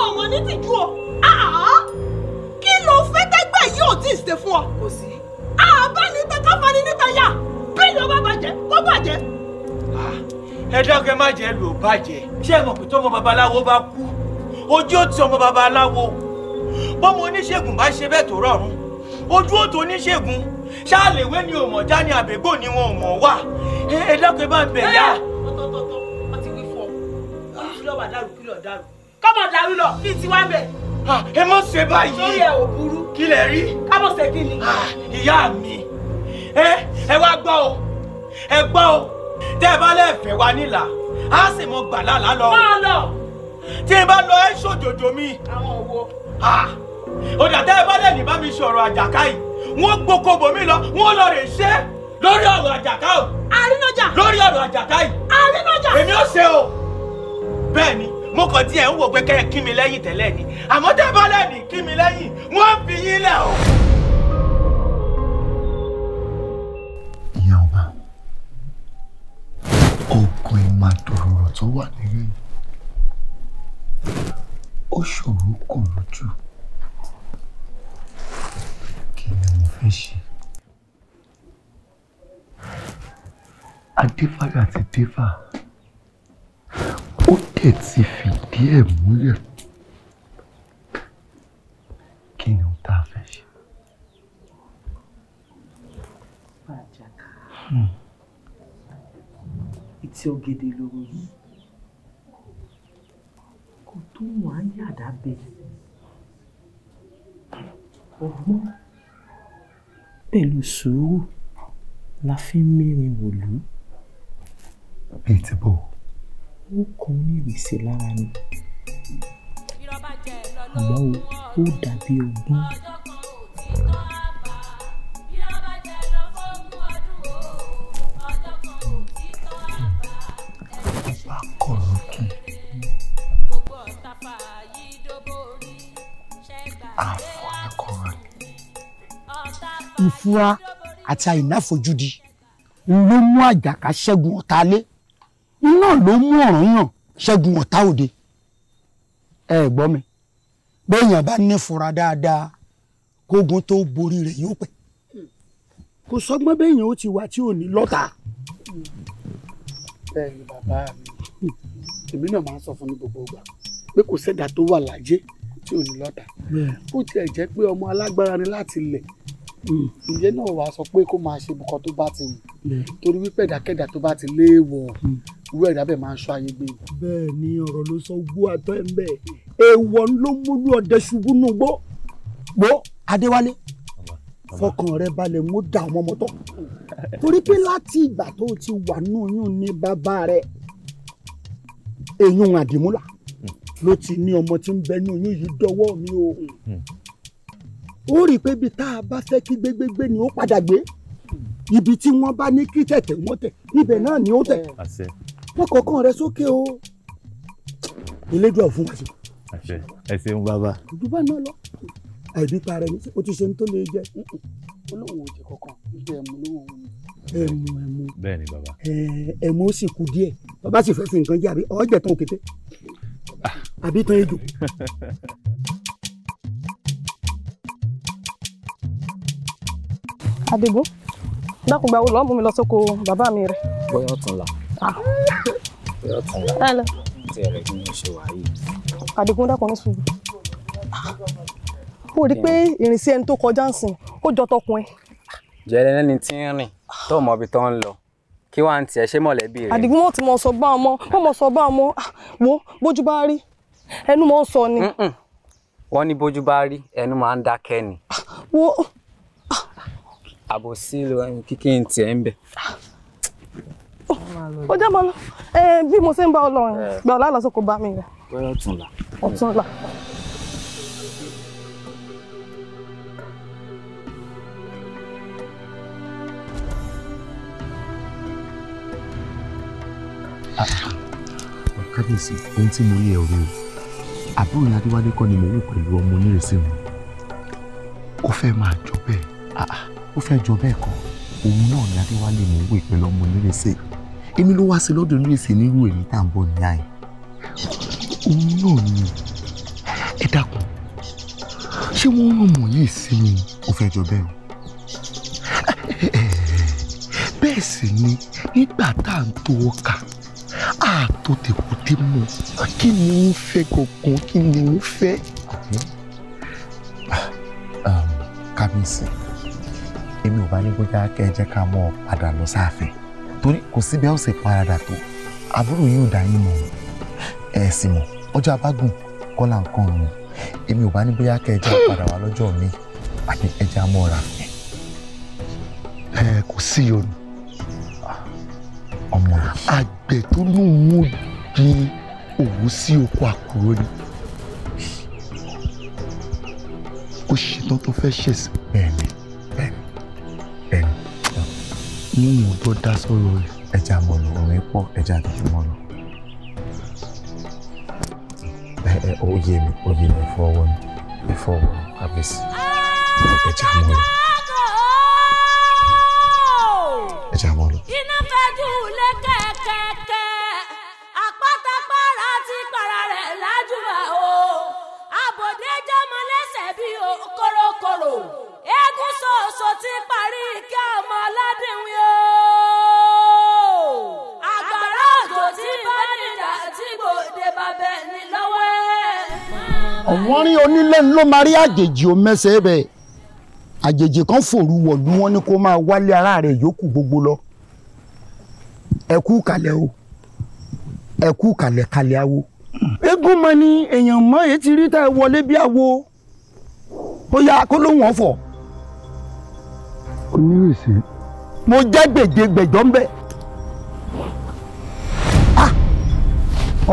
S5: ọmọ ní tìjú o kí ló fẹ́ tẹ́gbẹ́ yìí ò tí ì ṣe fún ọ. kò sí. àbá ní tẹ́ká fani níta yá bí ìyọ̀ bá bàjẹ́ kó bàjẹ́.
S4: Ah, ẹ dákẹ́ má jẹ́ lò bàjẹ́ ṣé ẹ mọ̀ pé tọmọ babaláwo bá kú ojú ò ti ọmọ babaláwo bọ́mọ oníṣègùn bá ṣe bẹ́ẹ̀ tó rọrùn ojú ò tó oníṣègùn ṣáàlèwé ni ò mọ̀ já ni àbẹ́gbò ni wọn ò mọ̀ wá ẹ dákẹ́ bá ń bẹ̀ yá. tọ́tọ́tọ́tọ́ wọ́n ti wí fún ọ dàrú kí dàrú kọ́mọ dàrú lọ bíi tiwa bẹ̀. ẹ mọ̀ ṣe báyìí kí lẹ rí. kábọ̀ṣẹ́ kí ni. ìyá mi ẹ ẹ wá gbọ́ ọ ẹ gbọ́ ọ tẹ́ ẹ bá lẹ́ẹ̀fẹ́ wa nílà á sì mọ gbà lálá lọ. máa lọ. tí n bá lọ ẹ ṣòjòjò mi. àwọn òwò. ọ̀dà tẹ́ ẹ bá lẹ́ẹ̀ní bá mi sọ̀rọ̀ àjàká yìí wọ́n gboko bòmí lọ wọ́n lọ rè ṣe lórí ọ̀rọ̀ àjàká o. àrínájà. lórí ọ̀rọ̀ àjàká yìí. àrínájà. èmi ò ṣe o. bẹ́ẹ̀ ni mo kàn tiẹ̀ ń wò pé kẹ́ ẹ kí mi lẹ́yìn tẹ́lẹ̀ ni àmọ́ tẹ́ ẹ bá lẹ́ẹ̀ní kí mi lẹ́yìn wọ́n fi yín lẹ̀ o. oògùn
S3: ìmàdòrò tó wà nínú yìí ó ṣòro kò lójú kí ni mo fẹ́ ṣe. adéfágà ti défà ó dẹ̀ ti fìdí ẹ̀ múlẹ̀ kí ni ó tá a
S1: fẹ́ ṣe. Hmm
S4: tí ọ̀gẹ̀dẹ̀ lóru yìí kò tó wọn á yàdá bẹ ọgbọ́n pẹ̀lú sùúrù la fi ń mẹ́rin wòlú. bíi ti bò. ó kàn ní ìrìsì lára ni
S6: àmọ́ ó dàbí ọgbọ́n.
S1: àfọ̀nìkọ̀rọ̀ ni ìfura
S4: àti àìnáfojúdi ló mú àjàká ṣẹ́gun ọ̀tá lé iná ló mú ọ̀ràn yàn ṣẹ́gun ọ̀tá òde ẹ gbọ́ mi bẹ́ẹ̀yàn bá nífura dáadáa kógun tó borí rẹ̀ yóò pẹ́ kò sọgbọ́n bẹ́ẹ̀yàn ó ti wà tí ò ní lọ́tà. bẹ́ẹ̀ ni bàbá mi èmi náà máa ń sọ fún mi gbogbo ìgbà pé kò sẹ́dá tó wà láyé tí ò ní lọ́tà bó tiẹ̀ jẹ́ pé ọmọ alágbára ni láti lẹ̀ ìyẹn hmm. náà wàá sọ pé kó máa ṣe nǹkan tó bá ti wù torí wípé ẹ̀dákẹ́dà tó bá ti léèwọ̀ hmm. irú ẹ̀dá bẹ́ẹ̀ máa ń sọ ayé gbé. bẹ́ẹ̀ ni ọ̀rọ̀ ló sọ gbó àtọ́ ẹ̀ ń bẹ̀ èèwọ̀ ló múlú ọ̀dẹ ṣubú nù gbó gbó adéwálé fọkàn rẹ balẹ̀ mú da ọmọ mọ́tọ́ torí pé láti ìgbà tó ti wà nù yún ní bàbá rẹ èyún àdìmúlà ló ti ní ọmọ tí ń bẹnu yín yìí dọ́wọ́ mi o ó rí i pé ibi tá a bá fẹ́ kí gbégbégbé ni ó padà gbé ibi tí wọ́n bá ní kí tẹ̀tẹ̀ wọ́n tẹ̀ ibẹ̀ náà ni ó tẹ̀ wọ́n kọ̀ọ̀kan rẹ sókè o ilédùá òfun wá ẹ ṣeun bàbá. dùbà náà lọ àìbí ta rẹ o ti ṣe ní tó lè jẹ. olóhùn òjì kankan ibi ẹ̀mú lówó òun. ẹ̀mú ẹ̀mú. bẹ́ẹ̀ ni bàbá. ó sì kú díẹ̀ bàbá sì fẹ́ nǹkan jẹ́ àbí ọ̀ọ́jẹ̀ tán kété àbí tán ejò.
S5: Adigun dákun gba olùwà mú mi lọ sóko bàbá mi rẹ.
S6: bóyá ọ̀tún la. bóyá ọ̀tún la. ẹ lọ. tí ẹ rẹ kí ni ṣe wà yìí.
S5: Adigun dákun ní sùúrù. mo rí i pé ìrìnsí ẹni tó kọjá ń sìn ó jọ tọkùn ẹ.
S4: jẹ́rẹ́ lẹ́ni tí ń rìn tó mọ ibi tó ń lọ kí wàá tiẹ̀ ṣe mọ̀lẹ́bí rẹ̀. àdìgún
S5: wọn ti mọ sọ bá ọmọ wọn mọ sọ bá ọmọ ah, wo bójú bá rí ẹnu mọ sọ ni.
S4: wọn ní bójú bá rí ẹnu máa ń dákẹ́ ni. Ah,
S5: wo. Ah. àbòsí ló ń kíkí ń tiẹ̀ ń bẹ̀. ó jẹ́ màá eh, bí mo ṣe ń bá ọ lọ yẹn eh. gbà ọ lálàsókò bá mi rẹ̀. ọ̀túnla. ọ̀túnla.
S4: Ah. kábíyèsí ohun tí mo rí ẹ rí o àbúrò ní adéwálé kọ́ ni mo wò pẹ̀lú ọmọ onírèsí wọn ó fẹ́ máa jọ bẹ́ẹ̀ ah, ó fẹ́ jọ bẹ́ẹ̀ kọ́ òun náà ní adéwálé mo wò pẹ̀lú ọmọ onírèsí èmi ló wá sí lọ́dọ̀ onírèsí nírú èmi tá à ń bọ̀ ní àyè òun náà ni ẹ dákun ṣé wọ́n rán ọmọ yìí sí mi ó fẹ́ jọ bẹ́ẹ̀ o eh, eh, eh, bẹ́ẹ̀ sì ni nígbà tá à ń tó ọkà
S3: ààtò tèkúté mọ̀ kí ni wọ́n fẹ́ kankan kí ni wọ́n fẹ́.
S4: Ah, um, kábíyèsí èmi ò bá ní bóyá kẹ́ ẹ jẹ́ ká mọ́ ọ padà lọ sáàfin torí kò síbi ẹ̀ ó sì paradà tó àbúrò yóò dá yín mọ̀ ẹ̀ sì mọ̀ ọjọ́ abágùn kọ́lá nǹkan mi
S3: èmi ò bá ní bóyá kẹ́ ẹ jẹ́ padà wá lọ́jọ́ mi àti ẹja mọ́ra. ẹ kò sí yọnu àgbẹ̀ tó lóun ó di òwú sí oko àkùrọ̀ ni ó ṣetán tó fẹ́ ṣẹ̀sìn. bẹ́ẹ̀ni bẹ́ẹ̀ni bẹ́ẹ̀ni. níwọ̀n tó dá sọ̀rọ̀ rẹ̀. ẹja mọ̀ lọ́wọ́ mi pọ̀ ẹja tuntun mọ́ lọ. ẹ ẹ oyè mi oyè mi fọwọ́
S7: mi fọwọ́ abẹ́sí ẹja mọ̀ lọ.
S6: eégún ṣoṣo ti parí kí ọmọ ọládìwìn o. àgbàrá òjò tí bá nìjà tí gbòde bàbẹ̀ ní lọ́wọ́ ẹ̀.
S4: ọ̀wọ́n rí onílé ló máa rí àjèjì ó mẹ́sẹ̀ àjèjì kan fòru wọ̀lú wọn ni kó máa wálé ara rẹ̀ yòókù gbogbo lọ ẹ kú kalẹ̀ o ẹ kú kalẹ̀ kalẹ̀ awo. eégún mọ ni èèyàn mọ èyí ti rí tá a wọlé bí awo bóyá kó lóhùn ọ̀fọ̀.
S6: onírèsè.
S4: mo jẹ́ gbèjègbèjọ́ ń bẹ̀. Ah!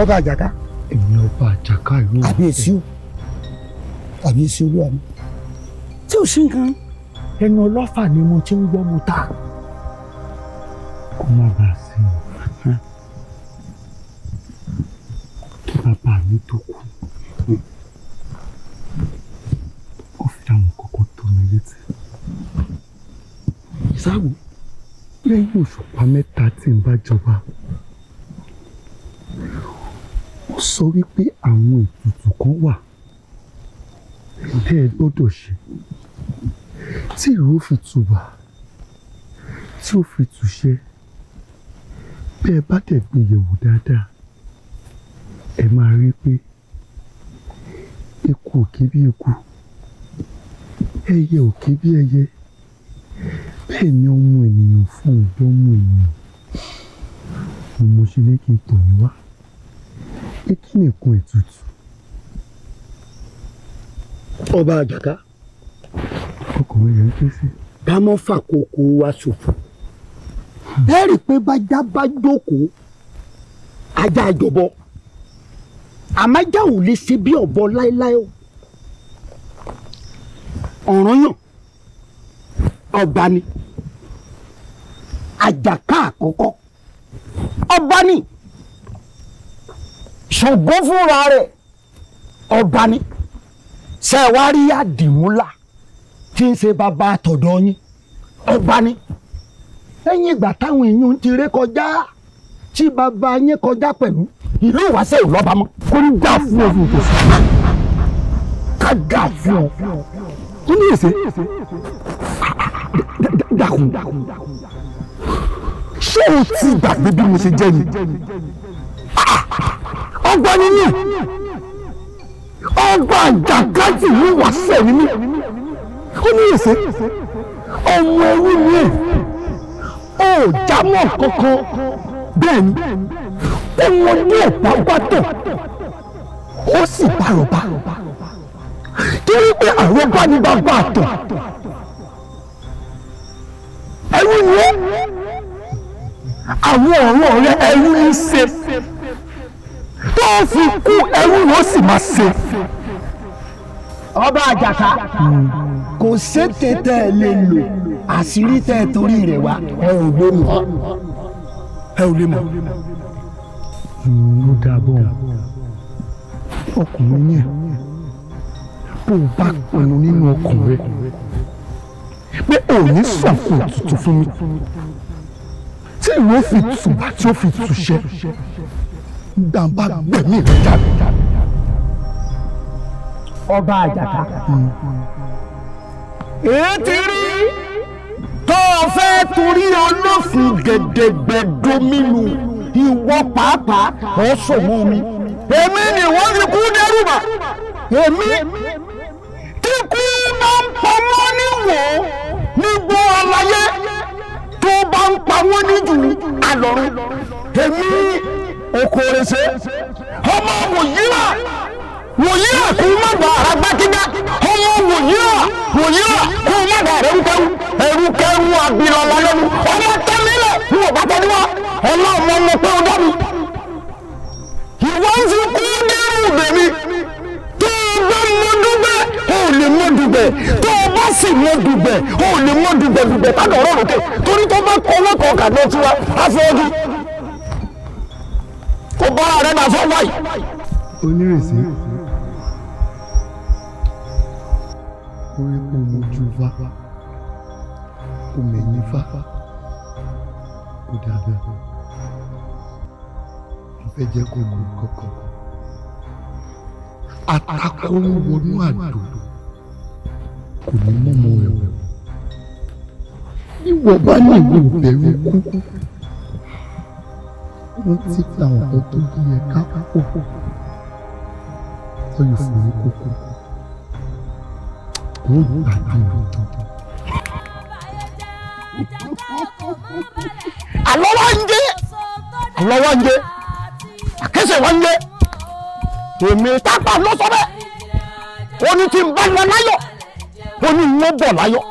S4: ọba àjàká. èmi ọba àjàká ìlú wa. àbíyèsí o àbíyèsí olúwa mi tí ò sí nǹkan. ẹnu ọlọ́fà ni mo ti ń
S3: gbọ́ mu ta.
S1: kó má bàa sí i
S7: kí bàbá mi tó kú. táwọn kọ̀ọ̀kan tó mi létí.
S4: ìsáwò lẹ́yìn òṣùpá mẹ́ta tí ń bá jọba
S3: ó sọ wípé àwọn ètùtù kan wà tẹ́ ẹ gbọ́dọ̀ ṣe tí ìlú ó fi tùbà
S4: tí ó fi tùṣẹ́ bí bá dẹ̀ gbé yẹ̀wò dáadáa ẹ máa rí i pé eku ò bí eku ẹyẹ ò ké bí ẹyẹ
S3: bẹ́ẹ̀ ni ọmọ ènìyàn fún òjò ọmọ ènìyàn ni mo ṣe ní kí n tò ní wá pé kí nìkan ètùtù. ọba àjàká. ọkùnrin yẹn ké sí.
S4: ká mọ́ fàkókò wa ṣòfò ẹ rí i pé bájá bá jókòó ajá àjọbọ àmájà lè ṣe bí ọ̀bọ láéláé o ọ̀ràn yàn ọba ni àjàká àkọ́kọ́ ọba ni ṣògo fúnra rẹ̀ ọba ni ṣẹ̀wárí àdìmúlà tí ń ṣe bàbá àtọ̀dọ̀ yín ọba ni lẹ́yìn ìgbà táwọn èèyàn ti ré kọjá tí bàbá yín kọjá pẹ̀lú ìlú ìwáṣẹ̀ ìlọ́ba mọ́ kó ń dà fún ọ fún ọ
S3: ká dà fún ọ ó ní èsè dákun ṣé o ti gbàgbé bí mo ṣe jẹ́ ni ọgbọ́n nínú ọgbọ́n àjàkájì ló wà sẹ́ nínú ó ní èsè ọmọ ẹrú
S4: ni ẹ
S1: ò jámọ́ kankan bẹ́ẹ̀ ni ọmọdé ẹ̀ta gbàtọ̀ ó sì bárọ̀bá torí pé àròbá ni bàbá àtàn
S4: ẹrú ni ó àwọn ọ̀rọ̀ rẹ ẹrú ní ṣe
S3: tó o fi kú ẹrú ni ó sì máa ṣe. ọba àjàká kò sété tẹ́ ẹ lè lò àṣírí
S4: tẹ́ ẹ torí rẹ̀ wá ẹ ò lè mọ̀ ẹ ò lè mọ̀.
S3: Hmm, ó dáa bọ́ ọkùnrin ni ẹ̀
S1: bó o bá pinnu nínú ọkàn rẹ pé ò ní sọ̀fún ètùtù fún mi tí ìwé ó fi tùbá tí ó fi tùṣẹ
S3: gbàǹbà gbẹ̀mí rẹ jáde. ọba àjàká èé rí tó
S4: o fẹ́ torí olófin gẹ̀dẹ̀gbẹ̀ domínú ìwọ pàápàá
S3: ọ̀ṣọ́ mọ́ mi èmi ni wọ́n fi kú dẹ́rù bà èmi ọmọ níwò ní gbọ́ ọláyé tó bá ń pa wọ́n níjù alọ́run èmi okòrèsé ọmọ wòyíra wòyíra kò má bà ara gbákígbá ọmọ wòyíra wòyíra kò má bà ara ẹrúkẹrú ẹrúkẹrú abilọ lọlẹnu ọmọ tẹmílẹ ní ọba tẹniwa ọlọmọ ọmọ pé ó dábì ìwọ ń fi kú dẹrù bèmí tó o gbẹ ò lè mọ dùgbẹ̀ tó o bá sì mọ dùgbẹ̀ o ò lè mọ dùgbẹ̀ dùgbẹ̀ tá dọ̀rọ̀ lókè torí tó bá kọ́ lẹ́kọ̀ọ́ kàdé tiwa afọ́jú
S1: kò bá ara rẹ̀ náà fọ́ wáyé. onírèsí orí kò mojú fa kò mẹ̀yìn fa kò dàbẹ̀
S4: mo fẹ́ jẹ́ kó mú kọ́kọ́ àtakò wọnú
S1: àdó
S3: kò ní mọ́mọ́ rẹ̀ wẹ̀ ìwọ bá ní ìwé ìbẹ̀rù kú wọ́n ti ta
S4: ọ̀pọ̀ tó bí ẹ ká pọ̀ ọyọ̀ fòrí kókó
S7: ó gbàgbé ìlú tọ́jú.
S4: àlọ́ wá ń jẹ́ àlọ́ wá ń jẹ́ àkẹ́sẹ̀ wá ń jẹ́ èmi tápà ló sọ bẹ́ẹ̀ ti ń bá wọn láyọ̀ ó ní wọ́n bọ̀ láyọ̀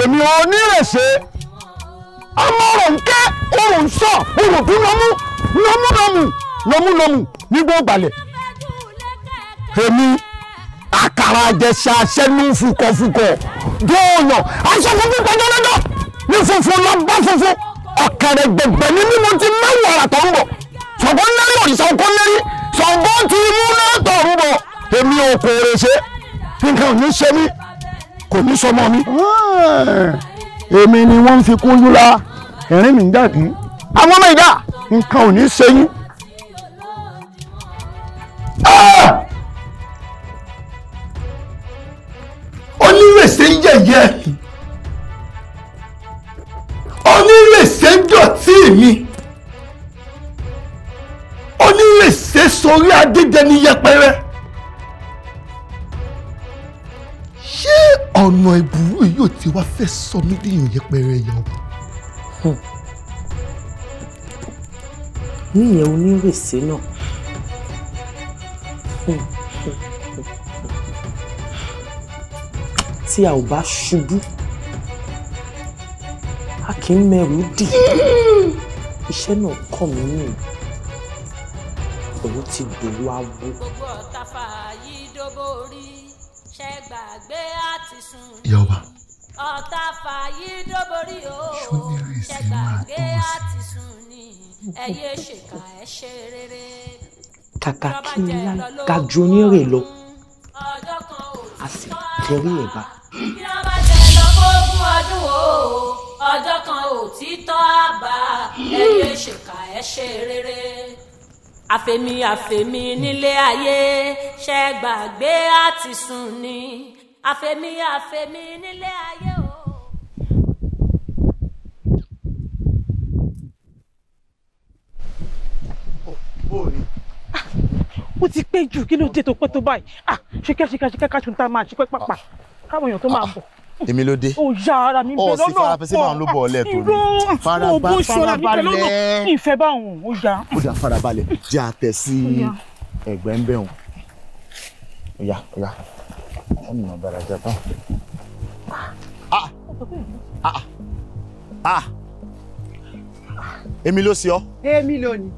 S4: èmi ò ní rèsè ọmọ ọ̀rọ̀ ń kẹ́ ọ̀rọ̀ ń sọ ọ̀rọ̀ tó nọmú nọmú nọmú nọmú nọmú nígbà ògbàlẹ̀ èmi
S3: àkàrà àjẹsà sẹ́nu fukọ̀fukọ̀ dóòyàn aṣọ funfun gbẹjọ́ lọ́dọ̀ ní funfun lọ bá funfun ọ̀kẹ́rẹ́ gbẹgbẹ́ ní mímu ti mẹ́wàá àtọ̀ ń bọ̀
S4: sọ̀gbọ́n lẹ́rìí òrìṣà ọkọ̀ lẹ́rìí sọ̀gbọ́n ti mú lẹ́tọ̀ ń bọ̀ èmi ò kò rèsè nǹkan ò ní ṣe mí kò ní sọmọ mi. èmi ni wọ́n ń fi kún yúlá ẹ̀rín mi ń jáde. àwọn ọmọ ìdá nǹkan ò ní ṣe yín. Ah! onírèsé ń yẹ̀yẹ́ mi onírèsé ń dọ̀tí mi
S3: onírèsé sorí adédèní yẹpẹrẹ. ṣé ọ̀nà ìbúrú yìí ò ti wá fẹ́ sọ mí déèyàn yẹpẹrẹ ìyàwó. níyẹn onírèsé náà tí a ò bá ṣubú
S7: a kì í mẹrù dì iṣẹ́ náà kọ̀ mí nìyí òun ti dòwú awó.
S6: gbogbo ọ̀tàfà yìí dóbò rí ṣẹ́gbàá ìyá ọba. ọ̀tá fàyí dóborí o ṣẹ̀gbàgbé àti sùn ni ẹ̀yẹ ṣèkà ẹ̀ ṣe rere.
S3: kàkà kí n lá gajú onírè lọ a sì tẹ̀rí ẹ̀ bá. bí
S6: wọ́n lọ fógún ọdún o ọjọ́ kan òtítọ́ àbá ẹ̀yẹ ṣèkà ẹ̀ ṣe rere àfẹ̀mí àfẹ̀mí nílé ayé ṣẹ́gbàgbé àti sùn àfẹ̀mí àfẹ̀mí nílé ayé o.
S5: ó ti pẹ́ jù kí ló dé tó pẹ́ tó báyìí ṣíkẹ́ ṣíkẹ́ ṣíkẹ́ káṣù tá a máa ṣípẹ́ pàpà káwọn èèyàn tó máa bọ̀. èmi ló dé ó ya ara mi bẹ lọ́nà ọ̀pọ̀ ọ̀sì
S4: farafẹ́sẹ́ máa ń ló bọ̀ ọ̀lẹ́ tó ní faraba farabalẹ̀
S5: ìfẹ́ bá òun ó ya.
S4: ó dà farabalẹ̀ jẹ́ àtẹ̀ sí ẹ̀gbẹ́ ń bẹ̀ òun ó ya ó ya ọmọ bàràjà tán. èmi ló ṣe ọ. èmi ló ni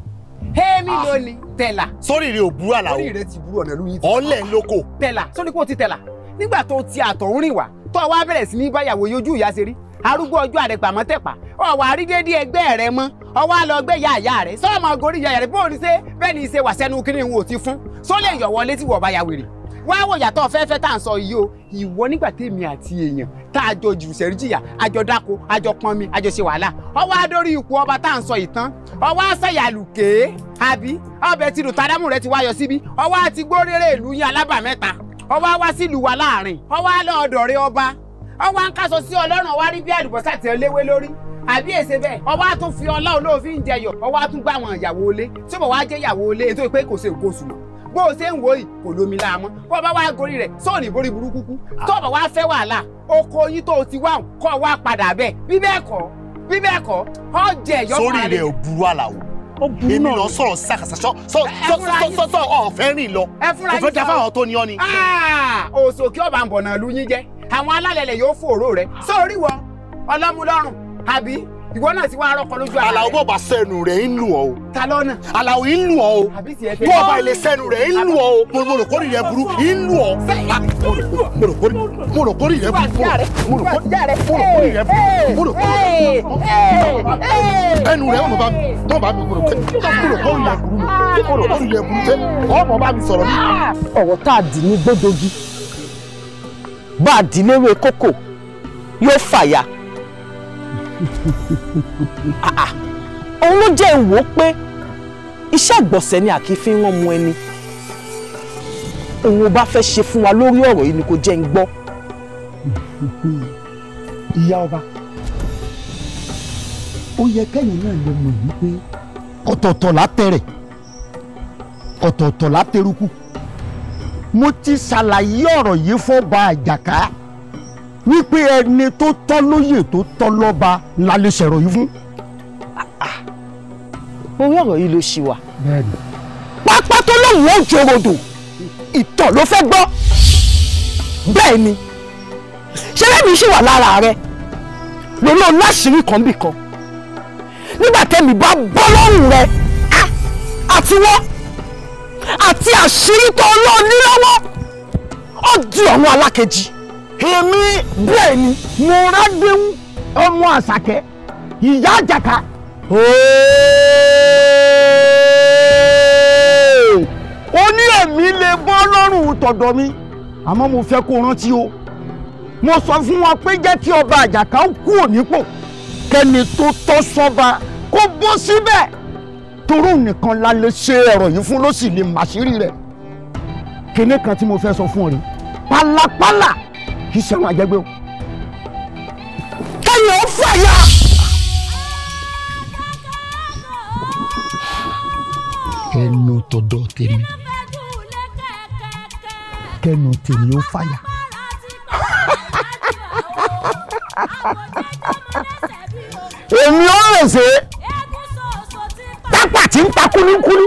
S4: èmi ló ni tẹ̀là. sórí rẹ ò burú àlàó. sórí rẹ ti burú ọ̀nà lóyún. ọ̀lẹ̀ ń lóko. tẹ̀là sórí kò ti tẹ̀là nígbà tó ti àtọ̀hún rìn wá tó wá bẹ̀rẹ̀ sí ní báyàwó yójú ìyá ṣe rí arúgbó ọjọ́ àrẹ̀pà mọ́tẹ̀pà ọ̀wà àrídéédé ẹgbẹ́ rẹ mọ́ ọwọ́ àlọ́ ọgbẹ́ ìyá ìyá rẹ sọ́ọ̀mọ́ gorí ìyá rẹ bóun ṣe bẹ́ẹ̀ ni ṣe wà sẹ́nu kí ni n ò ti fún sólè yọ̀wọ́ létí wọ̀ báyàwó rẹ̀ wá wò yàtọ̀ fẹ́fẹ́ tá à ń sọ yìí o ìwọ nígbà tèmi àti èèyàn tá a jọ jù sẹ́ríjìyà a jọ dáko a jọ pọnmi a jọ ṣe wàhálà ọwọ́ adórí ipò ọba tá à ń sọ ìtàn ọwọ́ àṣàyàlùkè àbí ọbẹ̀ tìlù tàdámù rẹ ti wáyọ síbí ọwọ́ àti gbórẹ́rẹ́ ìlú yín alábàmẹ́ta ọwọ́ wá sílùú wa láàrin ọwọ́ àlọ́ ọ̀dọ̀ rẹ ọba ọwọ́ à ń kaṣọ sí ọlọ́run ọwọ́ rí bí àlùbọ́sà tẹ̀ léwé lórí àbí èsè bẹ́ẹ̀ ọwọ́ àtún fi ọlá olóòfin jẹyọ ọwọ́ àtún gbà wọn ìyàwó ilé tí ó bọ̀ wá jẹ́ ìyàwó ilé ètò ìpè kò ṣe òkú oṣù mọ́ bó o ṣe ń wò yìí kò lómi láàmú bó o bá wá gorí rẹ̀ sóòní borí burúkú kú ah. tó o bá wá fẹ́ wàhálà oko yín tó o ti wá kọ́ wá padà bẹ́ẹ̀ bí bẹ́ẹ̀ kọ́ bí bẹ́ẹ̀ kọ́ ọ jẹ ìyọ́pọ̀ alẹ́. sórí rẹ̀ ò burú àlàó èmi lọ sọ̀rọ̀ sàkàsà sọ sọ sọ sọ ọ̀fẹ́ rìn lọ òfẹ́ dáfà àwọn tó ní ọ ni. Ah, òsòkè ọba àbọ̀nà lu yín jẹ àwọn alálẹ̀ yóò fòró rẹ sórí wọn ọlọ́múlọ́rùn àbí ìwọ náà sì wá arọ́kọ lójú ara. àlàó bọ̀ bá sẹ́nu rẹ̀ ń lù ọ́ o. ta lọ́nà. àlàó ń lù ọ́ o.
S1: bọ́ ọba ilé sẹ́nu rẹ̀
S4: ń lù ọ́ o. mo rò kórìí rẹ burú ń lù ọ́.
S3: mo rò kórìí mo rò kórìí rẹ burú. mo rò kórìí rẹ burú. mo rò kórìí rẹ burú. ẹnu rẹ ọmọ bá mi tó bá mi mo rò kórìí rẹ
S5: burú mo rò kórìí
S4: rẹ burú tẹ ọmọ bá mi sọ̀rọ̀ mi.
S5: ọ̀wọ́ tá a dì ní gbódogi
S4: bá a dì léwé kókò yóò fàyà. Ah, ah. òun ló jẹ́ ìwò pé iṣẹ́ ìgbọ̀nsẹ̀ ni àkífín wọn mú ẹni òun ò bá fẹ́ ṣe fún wa lórí ọ̀rọ̀ yìí ni kò jẹ́ ń gbọ́. ìyá ọba ó yẹ kẹ́yìn náà lè mọ̀ wípé ọ̀tọ̀ọ̀tọ̀ látẹ̀rẹ̀ ọ̀tọ̀ọ̀tọ̀ látẹ̀rùkù mo ti ṣàlàyé ọ̀rọ̀ yìí fọ́ba àjàká wípé ẹni tó tọ́ lóyè tó tọ́ lọ́ba la lè ṣẹ̀rọ̀ yìí fún. orí ọ̀rọ̀ yìí ló ṣì wà. pápá tó lóun ó jòròdò ìtọ̀ ló fẹ́ gbọ́ bẹ́ẹ̀ ni ṣé lẹ́mìí ṣì wà lára rẹ
S3: lọ́nà láṣìírí kan bì kan nígbà tẹ́mi bá bọ́ lọ́rùn rẹ àti wọ́n àti àṣírí tó lọ́ọ́ nílọ́wọ́ ó di ọ̀run alákejì èmi bẹ́ẹ̀ ni mo rádéwù
S4: ọmọ àṣàkẹ́ ìyá àjàká ó ní èmi lè bọ́ lọ́rùn tọ̀dọ̀ mi àmọ́ mo fẹ́ kó rántí o mo sọ fún wọn pé jẹ́ kí ọba àjàká kú ònípò kẹ́ni tó tọ́ sọ́ba kó bọ́ síbẹ̀ torún nìkan la lè ṣe ẹ̀rọ yìí fún ló sì lè màṣírí rẹ̀ kíní kan tí mo fẹ́ sọ fún ọ rẹ̀ pálapàla. Pala kì í ṣe àwọn àjẹgbé o.
S1: kẹ́yìn ó fún àyà.
S3: kẹnu tọ̀dọ̀ tèmi kẹnu tèmi ó fàyà. èmi ó rèsè tápà tí ń ta
S6: kúlúkúlú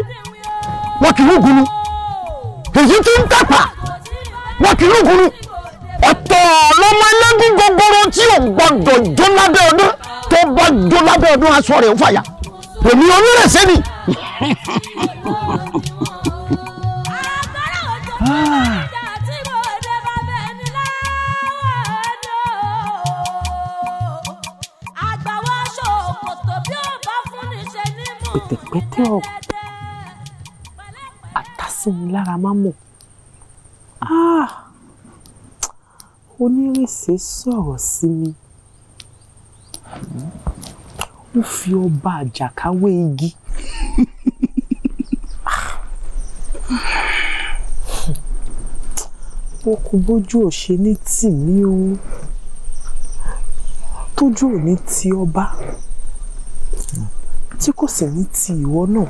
S6: wọn kì í rúgunu èyí tí ń tápà wọn kì í rúgunu ọ̀tọ̀ lọ́mọ ẹlẹ́gùn gogoro tí ò gbọ́dọ̀ jó
S4: lábẹ́ ọdún tó bá jó lábẹ́ ọdún aṣọ rẹ̀ ń fàyà èmi onírẹ̀sẹ̀ ni.
S6: pẹ̀tẹ̀pẹ̀tẹ̀ ọ̀
S5: àtàsínlára máa mọ̀. Ah onírìsì sọ̀rọ̀ sí mi ó fi ọba àjàkáwé igi
S4: ó kú bójú ò ṣe ní tì mí o tójú ò ní ti ọba tí kò sì ní ti ìwọ náà.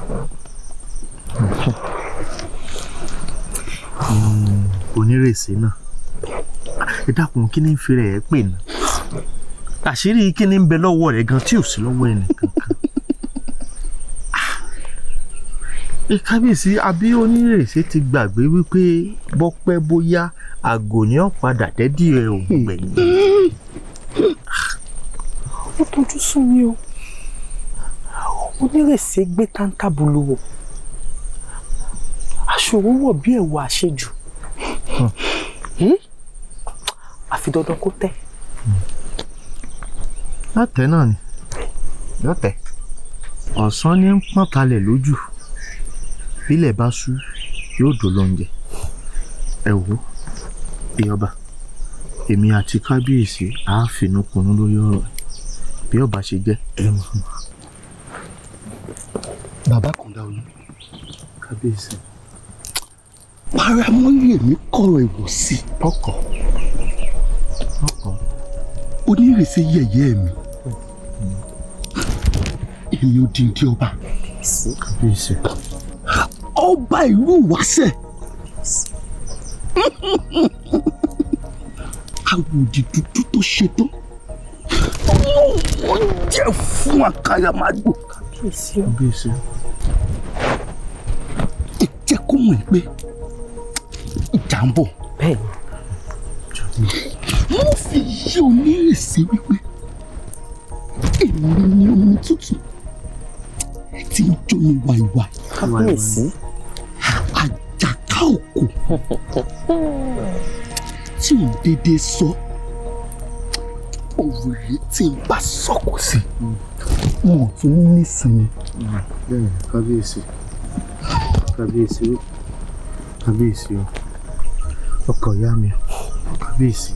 S3: Hmm, onírèsí
S7: náà Ah, ẹ dákun kí ni ń fi rẹ̀ ẹ́ pè ní àṣírí kí ni ń bẹ lọ́wọ́ rẹ̀ gan tí ò sí lọ́wọ́ ẹnì kankan.
S4: Ah, ẹ kábíyèsí àbí onírèsé ti gbàgbé wípé bọ́pẹ́ bóyá
S7: àgò ni ó padà dẹ́dí ẹ̀ ò gbẹ̀yìn.
S4: Ah, ó tọ́jú sùn mí o onírèsé gbé táǹtàbùlù wọ̀ aṣòro wọ̀ bí ẹ̀wọ̀ àṣejù àfi dandan kó tẹ́. látẹ̀ náà ni yọ̀tẹ̀ ọ̀sán ni ń pọ́n talẹ̀ lójú
S7: bílẹ̀ bá ṣú yóò dò lóúnjẹ ẹ wo ìyọba èmi àti kábíyèsí àáfinúkunú lórí ọ̀rọ̀ bí ọba ṣe jẹ́ ẹ mọ̀ bàbá kọ̀ǹda olú
S3: kábíyèsí. paramọ́lì èmi kọ̀rọ̀ ìwọ̀sí tọkọ̀ onírèsè yẹ̀yẹ́ mi èmi ò díndín ọba ọba ìlú Ìwáṣẹ̀ àwòdì dúdú tó ṣe tán
S4: wọ́n jẹ́ fún àkàrà máa gbò jẹ́ kó mọ̀ pé ìjà ń bọ̀. bẹ́ẹ̀
S3: ni mo fi yí onírè sí wípé èmi ni omi tútù tí ń jó ní wàìwàì. kábíyèsí. àjàká òkú tí ò déédéé sọ òwúrẹ́ tí ń bá sọ̀kò sí
S4: wọn ò tún nísìnyí.
S7: bẹ́ẹ̀ kábíyèsí kábíyèsí kábíyèsí o ọkọ ìyá mi o kábíyèsí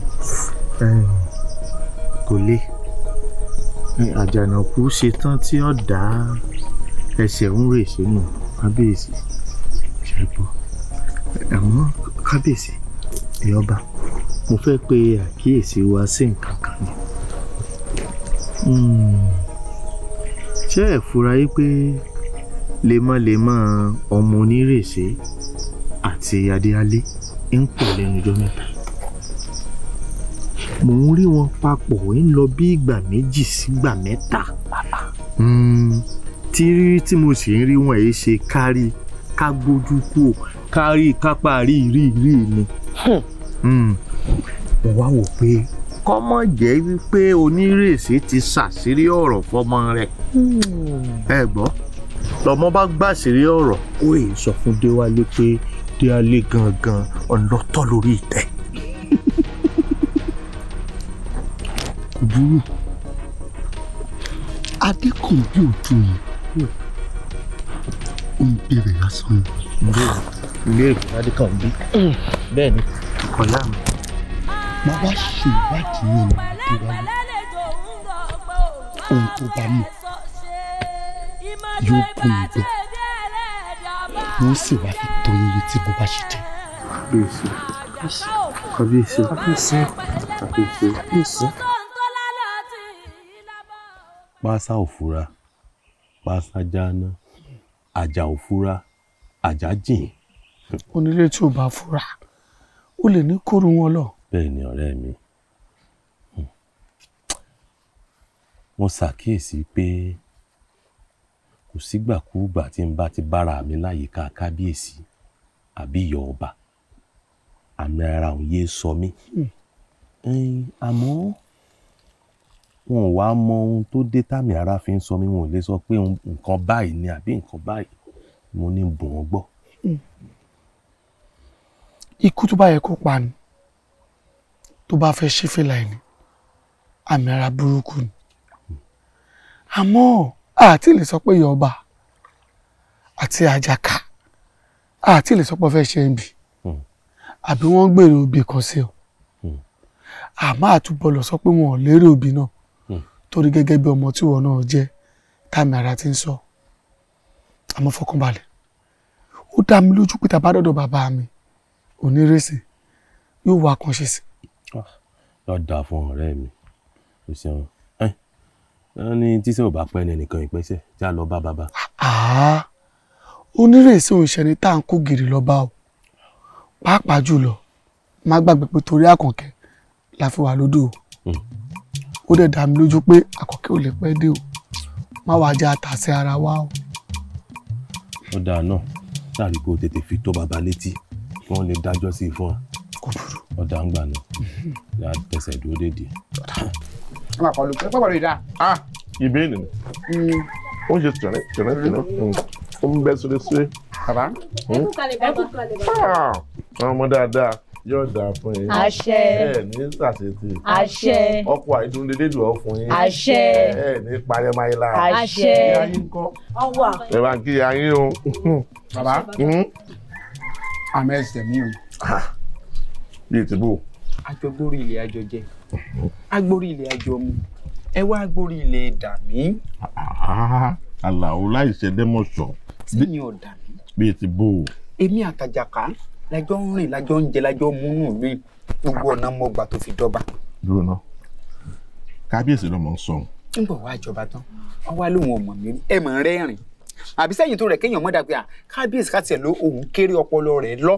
S7: kò lè àjànàkú ṣetán tí ó dá ẹsẹ̀ ń rè sínú kábíyèsí ṣẹ́gbọ́n àmọ́ kábíyèsí ìyọba mo fẹ́ pe àkíyèsí wa sí nǹkan kan ni hmm, ṣé ẹ fura yí pé lemọ́lemọ́ ọmọ onírèsé àti adéalé ń pọ̀ lẹ́nu ọjọ́ mẹ́ta mò ń rí wọn papọ̀ ń lọ bí ìgbà méjì
S4: sígbà mẹ́ta hmm, tí rírí tí mo sì ń rí wọn èyí ṣe
S7: kárí ká gbójú kú ò kárí kápá rí rí rí ni hmm. hmm.
S1: mo wá wò pé
S7: kọ́mọ̀ jẹ́ wípé onírèsí ti ṣàṣírí ọ̀rọ̀ fọmọ rẹ̀ ẹ gbọ́ lọ́mọ bá gbàṣírí
S4: ọ̀rọ̀ ó yẹ sọ fún déwálé pé déwálé gangan ọlọ́tọ̀ lórí ìtẹ́. kò burú adékànbí òjò yìí
S7: ó ń bèrè lásán ni. ìbéèrè adékànbí mm. bẹ́ẹ̀ ni ọ̀la mi.
S6: mo wá ṣe ìwádìí yẹn tó wá lọ ohun tó bá mọ̀ yóò kún un
S3: gbọ́ wọ́n sì wá fi tó iye tí mo bá ṣe jẹ́.
S7: kábíyèsí kábíyèsí kábíyèsí kábíyèsí páṣá òfura páṣá jáná àjà òfura àjà jìn.
S4: onílé tí ò bá fura ó lè ní kóru wọn lọ.
S7: bẹ́ẹ̀ ni ọ̀rẹ́ mi wọ́n ṣàkíyèsí pé kò sígbàkúùgbà tí n bá ti bára mi láyìíká kábíyèsí àbí ìyá ọba àmì ara òun yéé sọ mí hmm. àmọ́ wọn ò wá mọ ohun tó dé tàmì ara fi ń sọ mí wọn ò lè sọ pé nǹkan báyìí ni àbí nǹkan báyìí mo ní bùn wọn gbọ́.
S4: ikú tó bá yẹ kó pa ni tó bá fẹ́ ṣe fìlà ẹ̀ ni àmì ara burúkú ni àmọ́ àti lè sọ pé yọba àti àjàkà àti lè sọ pé fẹ́ ṣe ń bì hmm. àbí wọ́n ń gbèrò obì kan sí ọ hmm. àmọ́ àtúbọ̀ lọ sọ pé wọn ò lérò obì náà torí gẹ́gẹ́ bí ọmọ tí wọn náà jẹ́ táàmì ara ti ń sọ àmọ́ fọkànbalẹ̀ ó dá mi lójú pé tàbá dọ̀dọ̀ bàbá mi onírèsì yóò wá kàn ṣe sí.
S7: lọ ah, dà fún ọ̀rẹ́ mi kò ṣeun eh, wọn ní tíṣẹ́ ò bá pẹ́ ní ẹnìkan ìpẹ́sẹ̀ já lọ bá bàbá.
S4: onírèsì ah, ò ń ṣẹni tá à ń kó gìrì lọ bá o pàápàá jùlọ má gbàgbé pé torí àkànkẹ́ la fi wà lódò o ó dẹ̀ dá mi lójú pé àkọ́kẹ́ ò lè pẹ́ dé o má wàá jẹ́ àtàsẹ́ ara wa o.
S7: ó dáa náà sáàrí kó o tètè fi tó bàbá létí kí wọ́n lè dájọ́ sí i fún ọ. kò burú. ọ̀dà ń gbà náà yà á tẹsẹ̀ dúró dédé.
S4: ọmọ àkọlù pé pàpàrọ̀ ìdá. a ìbéèrè ni hmm.
S2: ó ń ṣe tẹ̀rẹ̀ tẹ̀rẹ̀ tẹ̀rẹ̀ hmm. ó ń bẹ́ sórí sórí. bàbá hmm? ẹ kú
S6: kalẹ̀ bàbá.
S2: Ah! ọmọ dáadáa yóò dáa fún yín. àṣẹ. ẹ ní sàṣetì. àṣẹ. ọkọ àìdúndínlẹ́dùn ọ̀fun yín. àṣẹ. ẹ ní parẹ́máyélá. àṣẹ. ẹ ayé ń kọ́. ẹ bá ń kí ayé o. bàbá hmm? àmọ́ ẹsẹ̀ mi o. bíi tìbú.
S4: àjọgbórí ilé àjọjẹ agbórí ilé àjọmu ẹ wá agbórí ilé dàmí.
S2: àlàó láì ṣe dẹ́mọ̀ṣọ́.
S4: sẹ́yìn ọ̀dà mi. bíi tìbú. èmi àtàjàká lájọ ń rìn lájọ ń jẹ lájọ mú nù mí gbogbo ọ̀nà mọ̀gbà tó fi dọ́ba.
S2: dúró náà kábíyèsí lọmọ ń sọ òun.
S1: ń bọ̀ wá jọba tán
S4: wọ́n wá lóun ọmọ mi ẹ mọ̀ ń rẹ́rìn àbí sẹ́yìn tó rẹ̀ kéèyàn mọ́ dàgbé à kábíyèsí ká tiẹ̀ ló òun kéré ọpọlọ rẹ̀ lọ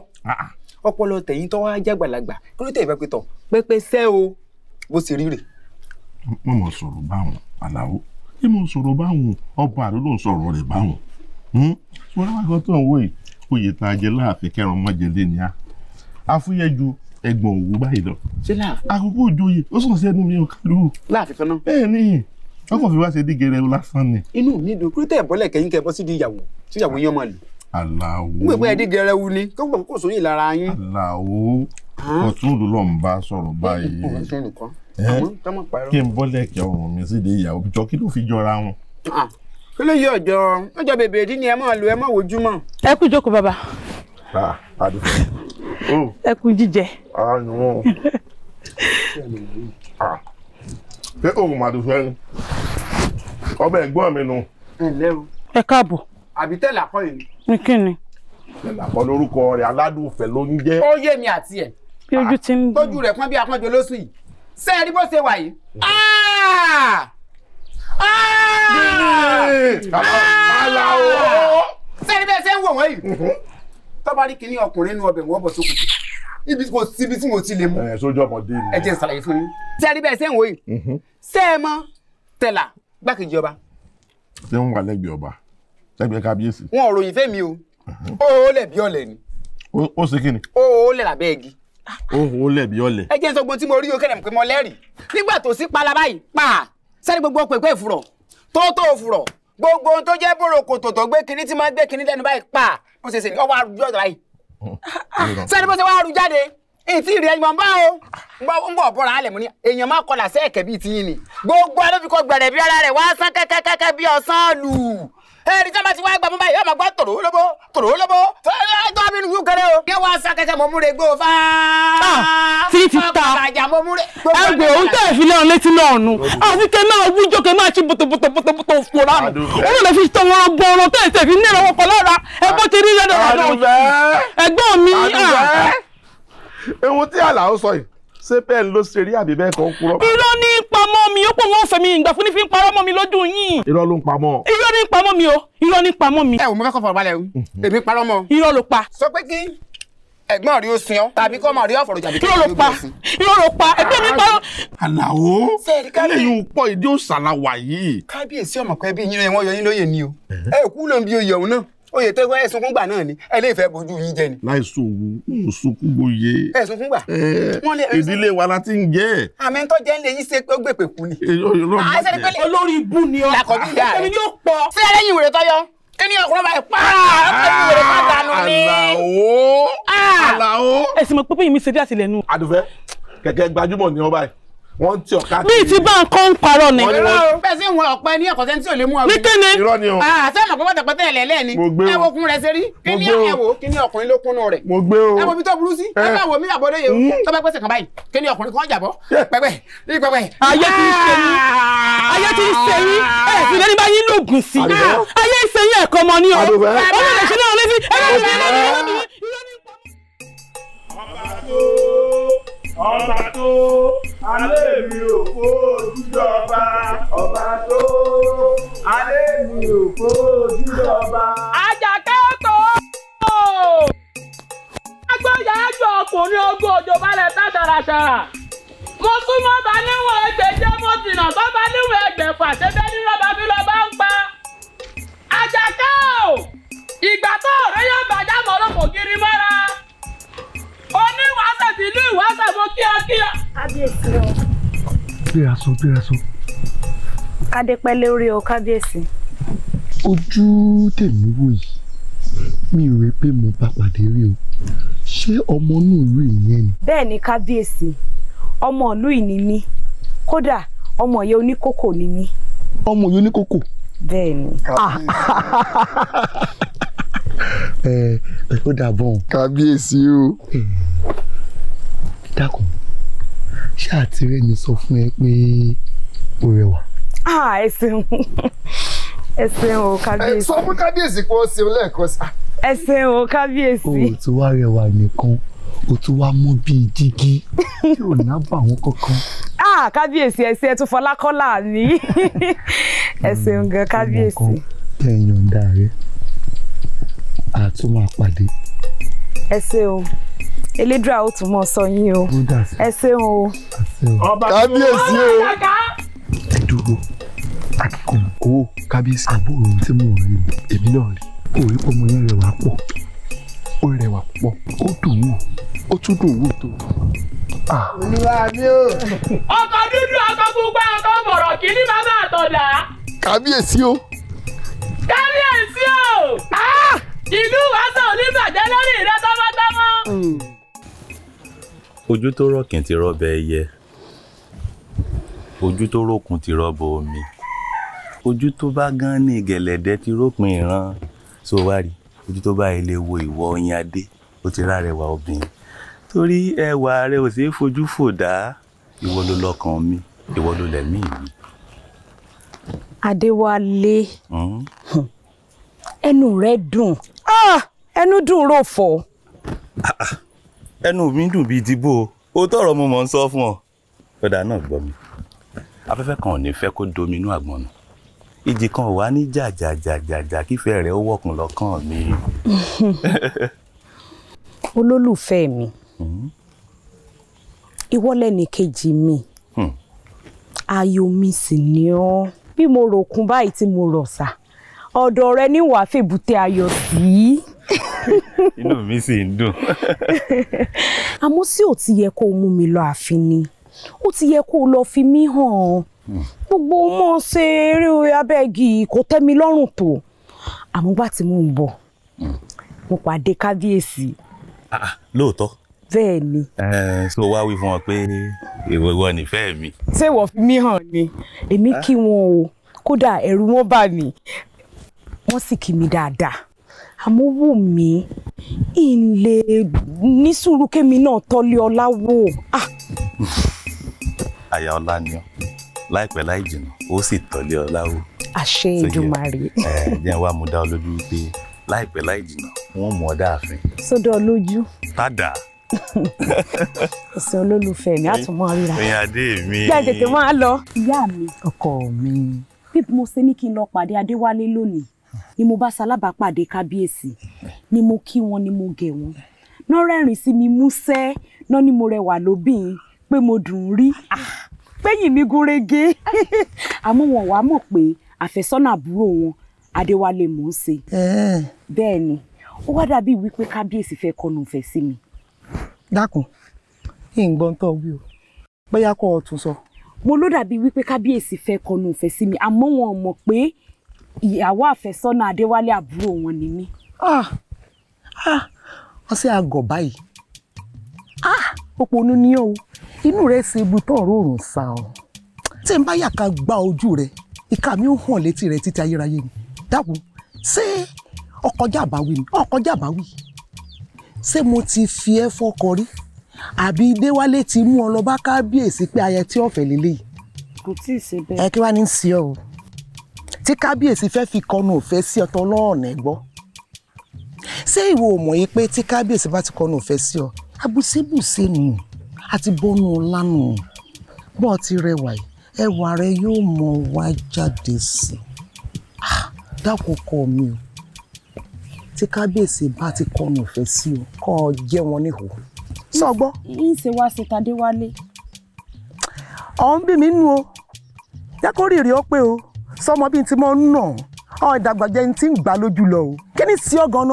S4: ọpọlọ tẹ̀yìn tó wá jágbàlagbà kí ló tẹ̀ ìfẹ́ pé tọ̀ pẹ́pẹ́ sẹ́ o bó ṣe rí rè.
S2: wọ́n mọ̀ sọ̀rọ̀ báwọn aláwo bí mo sọ̀rọ̀ báwọn ọba àdúgbò sọ̀rọ̀ rẹ̀ báwọn. wọ́n hm? wá kan tó ń wò yìí oyè tá a jẹ láàfin kẹrin ọmọjẹlé ni a afúyẹ ju ẹgbọ̀n òwú báyìí lọ. ṣé láàfin. àkókò òjòyè ó sùn sí ẹnu mi ò kálù. láàfin fẹ́ náà. bẹ́ẹ̀ ni ọkọ̀ fi wá ṣe dígẹrẹ lásán ni.
S4: inú mi dùn kúrò tẹ̀ bọ́lẹ̀ kẹ́yìn kẹ́ bọ́ sí di ìyàwó tí ìyàwó yín ọmọ lù. aláwo gbogbo ẹ̀ dígẹrẹ wu ni kó gbàgbọ́ kò sóyè lára yín. aláwo ọ̀tún
S2: ló lọ́n bá sọ̀rọ̀ báyìí. kí n bọ́lẹ̀ kẹ́ ọ̀rùn mi sí di ìyàwó jọ kí ló fi jọra wọn
S4: olóyè ọjọ́ ọjọ́ bèbè ìdí ni ẹ máa lo ẹ máa wojú
S5: mọ́. ẹ kú ìjókòó bàbá. ẹ kú jíjẹ.
S2: ṣé òun màdùfẹ́ ni ọbẹ̀ ẹ̀gbọ́n mi nu.
S4: ẹ káàbọ̀. àbí tẹ̀lé akọ yìí. ní kí ni. tẹ̀lé akọ lórúkọ rẹ̀ aládùúfẹ́ ló ń jẹ́. ó yé mi àti ẹ̀. bí ojú ti ń dùn. tójú rẹ̀ pọ́n bí apọ́njọ lóṣù yìí. sẹ́ẹ̀rí bó ṣe wà yìí. Ah! Ah! sẹ́ni bẹ́ẹ̀ ṣe ń wọ̀ wọ́n yìí mhm. tọ́ba rí kínní ọkùnrin inú ọbẹ̀ wọ́n bọ̀ sókòtò ibi kò síbi tí mo ti lè mú eh, ẹ jẹ́ ìsàlàyé fún yín sẹ́ni bẹ́ẹ̀ ṣe ń wọ̀ yìí sẹ́ẹ̀mọ́ mhm. tẹ̀là gbákejì ọba.
S2: ṣé ń wà lẹ́gbẹ̀ẹ́ ọba lẹ́gbẹ̀ẹ́ kábíyèsí.
S4: wọn ò ròyìn fẹ́mi o mhm. ó lẹ̀ bí ọ̀lẹ̀ ni. ó ṣe kí ni. ó lẹ̀ lábẹ́ igi
S2: ó lẹ̀ bí ọ̀lẹ̀.
S4: ẹ jẹ́ sọgbọ́n tí mo rí o kẹ́lẹ̀ pé mo lẹ́rìí nígbà sẹ́ni gbogbo pèpè fùrọ̀ tó tó fùrọ̀ gbogbo ohun tó jẹ́ bòròkòtò tó gbé kinní tí máa gbé kinní dẹnu báyìí pa ó ṣe ṣe ní ọwọ́ arúgbó ọ̀dọ̀ báyìí sẹ́ni bó ṣe wá rú jáde ìtì rí ẹ̀yìn bá o ń bọ̀ bọ́ra alẹ̀ mú ni èèyàn máa kọlà sẹ́ẹ̀kẹ́ bíi tiyín ni gbogbo alófikọ́ gbẹ̀rẹ̀ bí ara rẹ̀ wá sán kẹ́kẹ́kẹ́kẹ́ bí ọ̀sán lù ẹni tí a bá ti wá gbà mú báyìí yóò máa gbọ́ tòrò lóbó tòrò lóbó tó bí nìyú kẹrẹ o. kí wọ́n sá kẹ́kẹ́ mo múre gbó fa. Ah,
S1: tí ti ta
S4: ẹgbẹ́ òun tẹ̀ fi lẹ́hàn létí náà nu àti kẹ́ náà wújọ́ kẹ́ máa ṣe bòtòbòtòbòtò fòrà nù òun lè fi tọ́ wọn bọ̀rọ̀ tẹ̀ tẹ̀ fi ní ìrànwọ́ kan lára ẹ bó ti rí yẹn ẹgbọ́n mi. Ah. ewu tí àlàó sọ yìí ṣé bẹ́ẹ̀ ló ṣe rí àbí bẹ́ẹ̀ kan kúrọ́. irọ́ ni mi yóò pọ̀ wọ́n fẹ́ mi ìgbà fún ní fi ń parọ́ mọ́ mi lójú yín.
S2: irọ́ ló ń pamọ́.
S4: irọ́ ní pamọ́ mi o irọ́ ní pamọ́ mi. ẹ ò mú kẹ́kọ̀ọ́ fọ̀rọ̀ balẹ̀ o mhm. èmi parọ́ mọ́. irọ́ ló pa. sọ pé kí ẹ̀gbọ́n rí o sin ọ́ tàbí kọ́ máa rí ọ̀fọ̀rọ̀ jàbí kí ló pa irọ́ ló pa ẹgbẹ́ mi pa. àlàó lẹ́yìn pọ̀ ìdí òsàlà wà yìí. kábíyèsí ọmọkọ ẹbí yín ni wọ́n yọ yín lóye ni o ẹ kú lóun bí oyè òun náà oyè tó ẹ sunkún gbà náà ni ẹ lè fẹ́ bójú yín jẹ ni.
S2: láì sòwò ń sunkún gboyè. ẹ sunkún gbà. ìdílé
S4: wa la ti ń jẹ. àmì tó jẹ́ ń lè yí ṣe pé ó gbèpè kú ni. Ah, olórí ibú ni ọ làkọ̀bí ìyá rẹ èmi yóò pọ. sí ẹlẹ́yìn ìwèrè tọ́yọ́ ẹni ọkùnrin báyìí pààrọ̀ ẹni ìwèrè pàdánù ni. àlàó ah! àlàó. ẹ sì mọ̀ pé pé yìí mi ṣe dí àtìlẹ́nu.
S2: àdùfẹ́ kẹ̀kẹ́ gbajúmọ̀ ni ọ báyìí wọ́n ti ọ̀ka kiri. mi ti bá nǹkan ń parọ́ ni. bẹ́ẹ̀
S4: sí ìwọ̀n ọ̀pẹ ní ẹ̀kọ́ sẹ́ńtì ò lè mú ọ̀gbìn. ní kíni. irọ́ ni o. sẹ́nu ọ̀pẹ pátá pátá ẹ̀lẹ́ lẹ́ni. mo gbé o. ẹ wo kun rẹ ṣe rí. kí ni ẹwọ kí ni ọkùnrin ló kúnnú rẹ. mo gbé o. ẹ wo mi tó burú sí. ẹ bá wo mi àbọ̀dé yẹ o. Hmm? tó bá pèsè kan báyìí kí ni ọkùnrin kan jàbọ̀. pẹpẹ
S3: ní pẹpẹ. ayé ti ń ṣe yín ah!
S4: ayé ti ń ṣe yín ẹ sì lẹ́ni bá yín lóògùn sí. ayé ìṣe yín ẹ̀kọ́ mọ ní o. ọ ọba tó alẹ́ mi ò kó ojújọba ọba tó alẹ́ mi ò kó ojújọba. àjàkẹ́ tó agbóyà ájò ọkùnrin ogún òjò balẹ̀ tá
S6: ṣàràṣàrà mo súnmọ́ bá níwọ̀n ẹgbẹ̀jẹ́ mo dìnà tó bá níwọ̀n ẹgbẹ̀fà ṣẹ́fẹ́ ní lọ́ba fi lọ́ba ń pa. àjàkẹ́ ò ìgbà
S4: tó ọ̀rẹ́ yóò bàjẹ́ mọ́ ló kò kiri mọ́ra. oníwàásà ti ní
S3: sọ
S5: sọ. lórí o kábíyèsí.
S3: ojú tèmi wò yìí mi ò pé mo bá pàdé rí o ṣé ọmọ inú ìlú ìyẹn ni.
S5: bẹ́ẹ̀ ni kábíyèsí ọmọ ìlú ìní kódà ọmọ ni mí. ọmọ bẹ́ẹ̀ ni.
S3: ẹ ẹ ó dà bọ̀. kábíyèsí o. Eh, dákun ṣé àtìrẹ́ mi sọ fún ẹ pé o rẹwà.
S5: ẹ ṣeun ẹ ṣeun o kábíyèsí. sọ fún kábíyèsí pé ó ṣeun lẹ́ẹ̀kan sí. ẹ ṣeun o kábíyèsí. o ò
S3: tún wá rẹwà nìkan o tún wá mú bíi jígí tí ná bà wọn kankan.
S5: ah kábíyèsí ẹsẹ ẹ tún fọlákọlà mi ẹ ṣeun gan hmm, kábíyèsí.
S3: tẹ ìyọ̀ǹda rẹ
S4: a tún máa pàdé.
S5: ẹ ṣeun elédùà ó tún mọ sọ yín o ẹ o. kábíyèsí o
S4: ẹ dúró akíkọ̀ọ́ kábíyèsí àbúrò tí mo rí èmi náà rí òrí pọ̀ mọ́ yín rẹwà pọ̀ ó rẹwà púpọ̀ ó dùn wò ó tún dùn wò tó.
S3: olúwa mi ò.
S4: ọkọ̀ dúdú ọkọ̀ pupa ọkọ̀ bọ̀rọ̀ kìíní bàbá àtọ̀dá.
S3: kábíyèsí o.
S4: kábíyèsí o. ìlú wàásù oníbàjẹ́ lórí rẹ tọ́mọtọ́mọ.
S3: ojú
S7: tó rọ̀kìn ti rọ́bẹ ẹyẹ ojú tó rókun ti rọ́bọ omi ojú tó bá gán ní gẹ̀lẹ́dẹ́ ti rópin ìran sọ wá rí ojú tó báyìí lè wo ìwọ oyin adé ó ti rárẹwà obìnrin torí ẹwà rẹ ò sí fojú fò dá ìwọ ló lọkàn mi ìwọ ló lẹ̀mí mi.
S5: adéwálé hmm? ẹnu rẹ dùn ah! ẹnu dùn rò fọ. Ah,
S7: ah. ẹnu mi dùn bíi dìbò o tọrọ mo mọ ń sọ fún ọ ọdà náà gbọ́ mi afẹ́fẹ́ kan ò ní fẹ́ kó dominú àgbọn nù ìjì kan ò wá ní jàjàjàjàjà kífẹ́ rẹ̀ ó wọ̀kùn lọ́kàn mi.
S5: olólùfẹ́ mi hmm? ìwọ lẹ́ni kejì mi hmm. ayọ̀ mi sì ni ọ́ bí mo ròkun báyìí tí mo rọ̀ sà ọ̀dọ̀ rẹ ní wàá fèbúté ayọ̀ sí. inú
S7: mi sì ń dùn.
S5: àmọ́ sí ò ti yẹ kó o mú mi lọ ààfin ni ó ti yẹ kó o lọ fi mí hàn án gbogbo mọ ṣe eré abẹ́gi kò tẹ́ mi lọ́rùn tó àmọ́ gbà tí mò ń bọ̀ mo pàdé kábíyèsí.
S7: Ah, ah, lóòótọ́. bẹ́ẹ̀ ni. o wá wí fún wọn pé ìwọ ìwọ nífẹ̀ẹ́ mi.
S5: ṣé ìwọ fi mí hàn ni èmi ah. kí wọn o kódà ẹ̀rù wọn bà mí wọ́n sì kí mi dáadáa àmọ́ wò mí ìlè ní sùúrù kémi náà tọ́lé ọlá wò.
S7: àyà ọlá ni ọ láìpẹ́ láì jìnnà ó sì tọ́lé ọ láwo.
S5: àṣẹ Èdùmàrè. ẹ
S7: jẹ́ wàá mú dá ọ lójú wípé láìpẹ́ láì jìnnà wọ́n mú ọ dáàfin.
S5: sódò lójú. tádà. ọ̀sẹ̀ olólùfẹ́ mi àtúmọ̀ ríra. oyin adé mi. bí a tètè máa lọ. ìyá mi ọkọ mi bí mo ṣe ní kí n lọ pàdé Adéwálé lónìí ni mo bá ṣalábàápàdé kábíyèsí ni mo kí wọn ni mo gẹ̀ wọn náà rẹ́rìn sí mi músẹ́ náà ni mo rẹwà lóbìn pé mo dùn ún rí ah, péyìn mi gúnrégé àmọ́ wọn wàá mọ̀ pé àfẹ́sọ́nà àbúrò wọn adéwálé mò ń ṣe. bẹ́ẹ̀ ni ó wá dàbí wípé kábíyèsí fẹ́ kọnu ìfẹ́ sí mi. dákun kí n gbọ́n tó wí o bóyá kó o tún sọ. mo ló dàbí wípé kábíyèsí fẹ́ kọnu ìfẹ́ sí mi àmọ́ wọn mọ̀ pé ìyàwó àfẹ́sọ́nà adéwálé àbúrò wọn ni mí. Ah, ah, wọ́n ṣe àgọ̀ báyìí ó ponú ní
S4: o? inú rẹ ṣe ibu tó ọ̀rọ̀ òrùn sa ọ tí n bá yàká gba ojú rẹ ìka mi ó hàn létí rẹ títí ayérayé ni dákun ṣé ọkọjá àbáwí ni ọkọjá àbáwí ṣé mo ti fi ẹ fọkọ rí àbí déwálé ti mú ọ lọ bá kábíyèsí pé ayẹ tí ọ̀fẹ́ lélẹ́yìí.
S6: kò tí ì ṣe bẹ́ẹ̀. ẹ kí
S4: wàá ní í ọ o tí kábíyèsí fẹ́ fi kọnu òfẹ́ sí ọtọ ọlọ́ọ̀nà ẹ gbọ́ ṣé ìwọ ò mọ̀ yìí pé tí kábíyèsí bá ti kọnu òfẹ́ sí ọ abùsíbùsí nù àti bọ́nú lánà bọ́ọ̀ ti rẹwà yìí ẹwà rẹ yóò mọ wá
S5: jáde sí i ah, dákòókò mi o tí kábíyèsí bá ti kọnu ìfẹ́ sí o kọ́ ọ jẹ́ wọn níhò sọ gbọ́. yín ṣe wá sí Tadéwálé. ọ̀hún bí mi nù o jẹ́ kó rírì ó pé o sọmọ bíi ti mọ́ nà ọ́ ìdàgbàjẹ́ ti ń gbà lójú lọ o kí ni sí ọ gan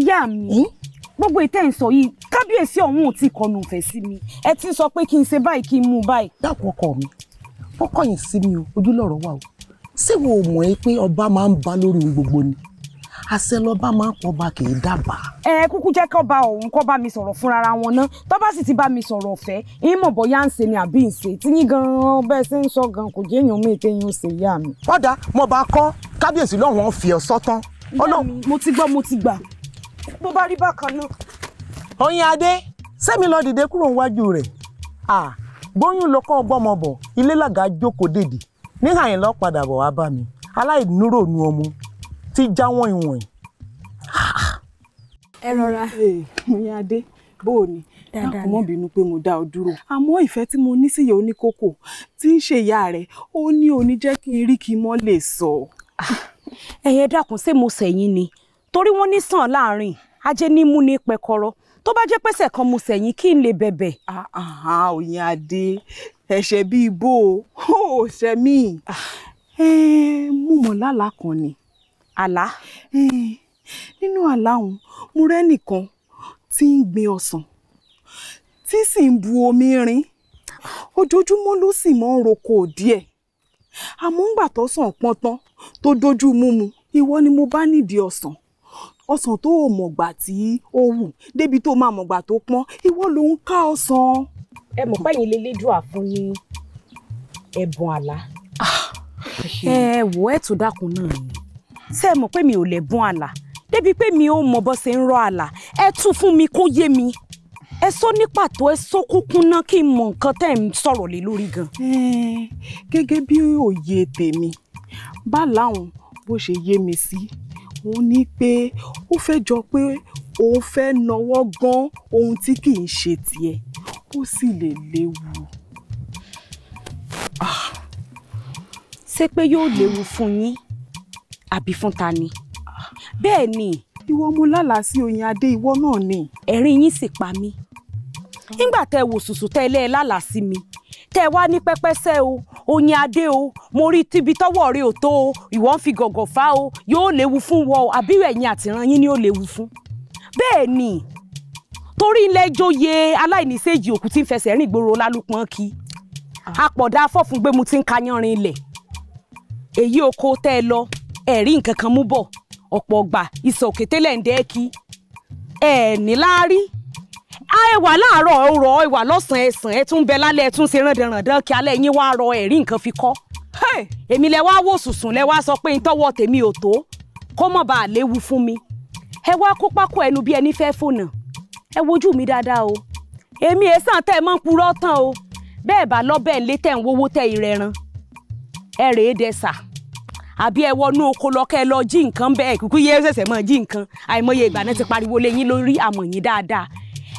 S5: ìyá mi. Hmm? gbogbo ìtẹ́ ń sọ yìí kábíyèsí ọ̀hún ò tí kọnu ìfẹ́ sí mi ẹ ti sọ pé kí n ṣe báyìí kí n mú báyìí. dákun ọkọ mi wọn kọyìn sí mi o ojúlọrọ wà o ṣé wo mọ̀ ẹ́ pé ọba máa ń ba lórí ohun gbogbo ni àṣẹ lọba máa ń pọba
S4: kì í dábàá.
S5: ẹ kúkú jẹ́ kó ba òun kó bá mi sọ̀rọ̀ fúnra ara wọn náà tó bá sì ti bá mi sọ̀rọ̀ ọ̀fẹ́ ń mọ̀ bóyá ń ṣe ni àbí ń ṣe tí yín gan-an ṣe ń sọ gan kò jẹ́ èèyàn méje yín ó ṣe ìyá mi. ọ̀dà mo bá kọ́ kábíyèsí lọ́wọ́n fi ọ̀ sọ́tán. ìyá mi mo ti gbọ́ mo ti gbà
S4: bó bá rí bákan náà. oyin adé sẹ́mi lọ dìde kúrò níwájú rẹ̀ gbóyún lọ́kàn gbọ́mọ bọ̀ ilé làgà jókòó dèdè níhàyìn lọ́ padà bọ̀ wá bá mi aláìnúrònú ọmọ ti jáwọ́n ìwọ̀n.
S5: ẹ rọra oyin adé bó o ní dáadáa kò mọ̀ pé mo dá ọ dúró àmọ́ ìfẹ́ tí mo ní síyẹ̀ oníkókò tí ń ṣe ìyá rẹ̀ ó ní òní kí n rí kí n mọ́ lè sọ. Ah, ẹ̀yẹ dákun ṣé mo sẹ̀yìn ni torí wọ́n ní sàn láàrin ajé ní mú ní pẹkọrọ tó bá jẹ́ pẹ́sẹ̀ kan mo sẹ̀yìn kí n lè bẹ̀bẹ̀. òyìn adé ẹ̀ṣẹ̀ bíi bó o ò ṣe mo mọ̀ lálàá kan ni. àlá. nínú àlá òun mo rẹ́nìkan tí ń gbin ọsàn tí sì ń bu omi rin ojoojúmọ́ ló sì mọ́ ń roko díẹ̀ àmọ́ ńgbà tó sàn pọ́n tó dojú mú mu ìwọ ni mo bá nídìí ọsàn ọsàn tó o mọ̀gbà tí ó wù débi tó máa mọ̀gbà tó pọ́n ìwọ ló ń ká ọsàn. ẹ mọ̀ pẹ́yìn lélẹ́dùà fún ní ẹ̀bùn àlá. Ah, ẹ wò ẹ tó dákun náà ni ṣé ẹ mọ̀ pé mi ò lẹ́bùn àlá débi pé mi ò mọ̀ bó ṣe ń rọ àlá ẹ tún fún mi kó yé mi ẹ sọ ní pàtó ẹ sọ kúkú ná kí n mọ nǹkan tẹ́ ń sọ̀rọ̀ lé lórí gan. gẹ́gẹ́ bí òye tèmi bá láwọn bó ṣe yé mi sí òun ní pé ó fẹ́ jọ pé òun fẹ́ náwó gan ohun tí kì í ṣe tiẹ̀ ó sì lè léwu. Ah. ṣé pé yóò léwu fún yín àbí fún ta ni bẹ́ẹ̀ ni ìwọ mo lálàá sí oyin adé ìwọ náà ni. ẹ̀rín yín sì pa mí nígbà tẹ́ ẹ wò sùsù tẹ́ ẹ lálàá sí mi tẹ́ ẹ wá ní pẹ́pẹ́sẹ́ o oyin adé o mo rí tíbi tọ́wọ́ rẹ ò tó o ìwọ ń fi gọ̀gọ̀ fá o yóò léwu fún wọ o àbí ẹ̀yin àtìran yín ni ó léwu fún. bẹ́ẹ̀ ni torí ilẹ̀ joyè aláìníṣẹ́jì òkú tí ń fẹsẹ̀ rìn gbòòrò lálùpọ̀n kí apọ̀dà afọ́fúngbé mu ti ń kayanrin ilẹ̀ èyí oko tẹ́ ẹ lọ ẹ̀rí nǹkan kan mú bọ̀ ọ̀pọ̀ ọgbà ìsọ̀ ń dẹ́ kí ẹ̀ ní láárí a ah, ẹ wà láàárọ̀ ọ̀rọ̀ ẹ wà lọ́sàn-án ẹ̀sán ẹ tún bẹ lálẹ́ ẹ tún ṣe rándanrandan kí alẹ́ yín wá rọ ẹ̀rí nǹkan fi kọ́. èmi lẹ wá wò sùsùn lẹ wá sọ pé n tọwọ́ tèmi ò tó kó mọ̀ bá a léwu fún mi. ẹ wá kó pákó ẹnu bí ẹni fẹ́ fònà ẹ wojú mi dáadáa o èmi èsàn tẹ́ ẹ mọ́ ń tán o bẹ́ẹ̀ bá lọ́bẹ̀ ńlé tẹ̀ ń wówó tẹ̀ ìrẹran ẹ rèé dẹ́sà àbí ẹ wọnú oko lọ kẹ lọ jí nǹkan bẹ́ẹ̀ kúkú yẹ ṣẹ̀ṣẹ̀ máa jí nǹkan àìmọye ìgbà náà ti pariwo lé lórí àmọ̀ yín dáadáa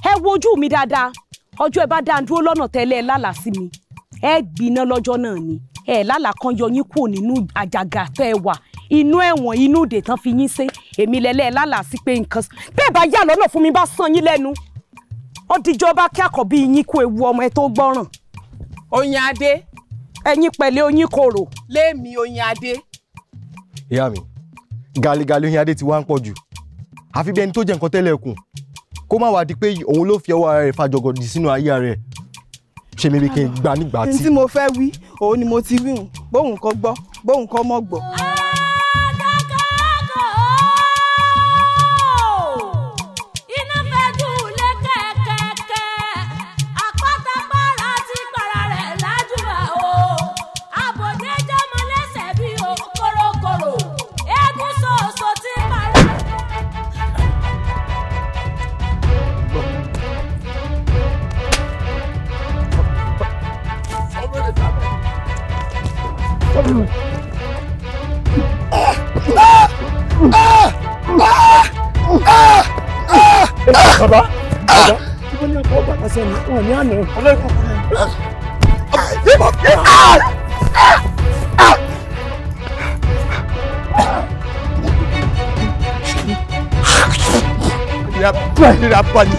S5: ẹ wojú mi dáadáa ọjọ́ ẹ bá dá dúró lọ́nà tẹ́lẹ̀ ẹ lálàá sí mi ẹ gbiná lọ́jọ́ náà ni ẹ lálàá kan yọ yín kúrò nínú àjàgà tẹ́ ẹ wà inú ẹ̀wọ̀n inú ìdè tán fi yín ṣe èmi lẹ́lẹ́ ẹ lálàá sí pé nǹkan bẹ́ẹ̀ bá yà lọ́nà fún mi bá sàn yín lẹ́nu ó dijọba kí àkọ́bí yín kú ewu ọmọ ẹ tó gbọ́ràn. oyin adé. ẹyin pẹ̀lẹ́ oyin koro. lémi oyin adé.
S4: ìyá mi gàlígàlí oyin adé ti wá ń pọ̀ jù àfi bí ẹni tó jẹ nǹkan tẹ́lẹ̀ kù kó má wá di pé òun ló fi ọwọ́ ara rẹ̀ fàjọgọ̀dì sínú ayé rẹ̀ ṣe mi bí kí n gbà nígbà tí. n tí mo fẹ́ wí òun ni mo ti wí hùn bóun kò gbọ́
S5: bóun kò mọ̀ gbọ́.
S1: bàbá bàbá
S4: ibo ni ọkọ ọba àṣẹ ni wọn ní àná ọlọ́ọ̀kọ́ ìrà balẹ̀ ìrà balẹ̀.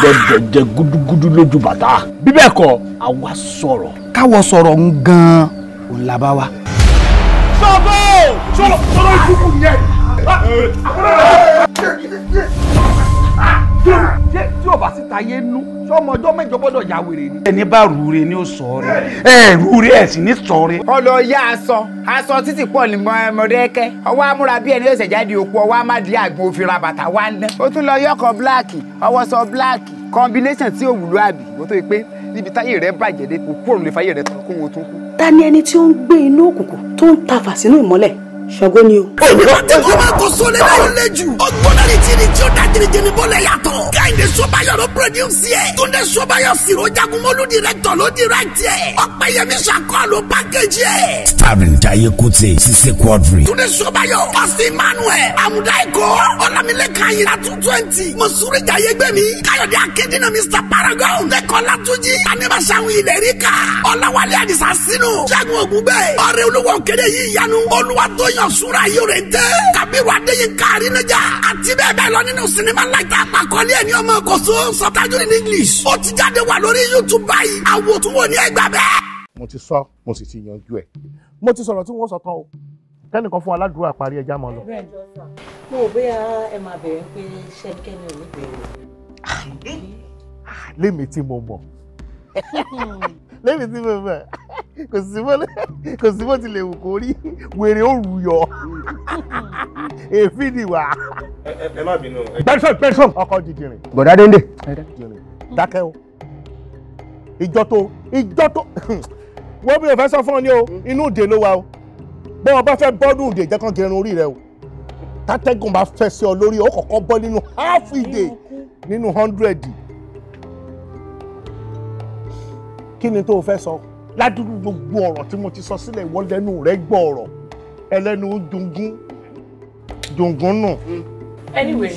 S4: gbọ́dọ̀ jẹ gúdúgúdú lójú bàtà bí bẹ́ẹ̀ kọ́ àwa sọ̀rọ̀. káwọ sọ̀rọ̀ ń gan-an òun la bá wa.
S3: sọ̀rọ̀ sọ̀rọ̀ ìdúkù yẹn. tàyé nú sọmọ ọjọ́ mẹ́jọ gbọ́dọ̀ ya wèrè ni.
S4: ẹni bá rúure ni ó sọ rẹ ẹ rúure ẹ sì ní sọ rẹ. ọlọ ya aṣọ aṣọ títí pọ ní mọdẹkẹ ọwọ́ amúra bíi ẹni yóò jáde òkú ọwọ́ amádìí àgbọn òfin ra bàtà ń dán. ó tún lọ yọkọ bíláàkì ọwọ́ sọ bíláàkì combination tí ò àbí mo tó yẹ pé níbi táyé rẹ bàjẹ́ dé òkú òrùlé fáyé rẹ tán kó wọn tún kú.
S5: ta ni ẹni tí ó ń gbé inú òkùnkùn tó ń tafà sínú ìmọ́lẹ̀ ṣàgó ni o. olùwàtí
S4: Kuti sise quadri.
S3: túndé sọ́bayọ̀ sura yorente kabiru adeyinka arinaja àti bẹ́ẹ̀ bẹ́ẹ̀ lọ nínú sinimá láìta àpàkọ́lé ẹni ọmọ kòso subtitled in english ó ti jáde wà lórí youtube báyìí àwòtúnwò ní ẹgbà bẹ́ẹ̀.
S2: mo ti sọ mo sì ti yanjú ẹ
S4: mo ti sọ̀rọ̀ tí wọ́n sọ tán o kẹ́nìkan fún aládùúrà parí ẹja mọ́ lọ.
S5: mo ò bóyá
S3: ẹ máa bẹ̀rẹ̀ pé ṣẹ́nikẹ́ni ò ní bẹ̀rẹ̀.
S4: Ah, lémi
S2: tí mo mọ̀.
S3: lẹ́yìn tí mo mọ̀ kò sí bó tilẹ̀ wù kó rí wèrè ó rù yọ èéfín nìwà.
S2: ẹ má bínú. gbẹ́sọ̀n
S3: gbẹ́sọ̀n ọkọ̀ dìdìrín. bọ̀dá dénde. dákẹ́ o
S4: ìjọ tó ìjọ tó wọ́n bí o fẹ́ sọ fún ọ ní o inú òde
S2: ló wà o bọ́n ọba fẹ́ bọ́dún òde jẹ́ kán gẹrun orí rẹ o tátẹ́gùn bá fẹ́ sí
S4: ọ lórí o kọ̀ọ̀kan bọ́ nínú half a day nínú hundred. kí ni tó o fẹ́ sọ ládùúgbò gbogbo ọ̀rọ̀ tí mo ti sọ sílẹ̀ ìwọ lẹ́nu rẹ gbọ́ ọ̀rọ̀ ẹlẹ́nu dùngún dùngún nù.
S5: anyway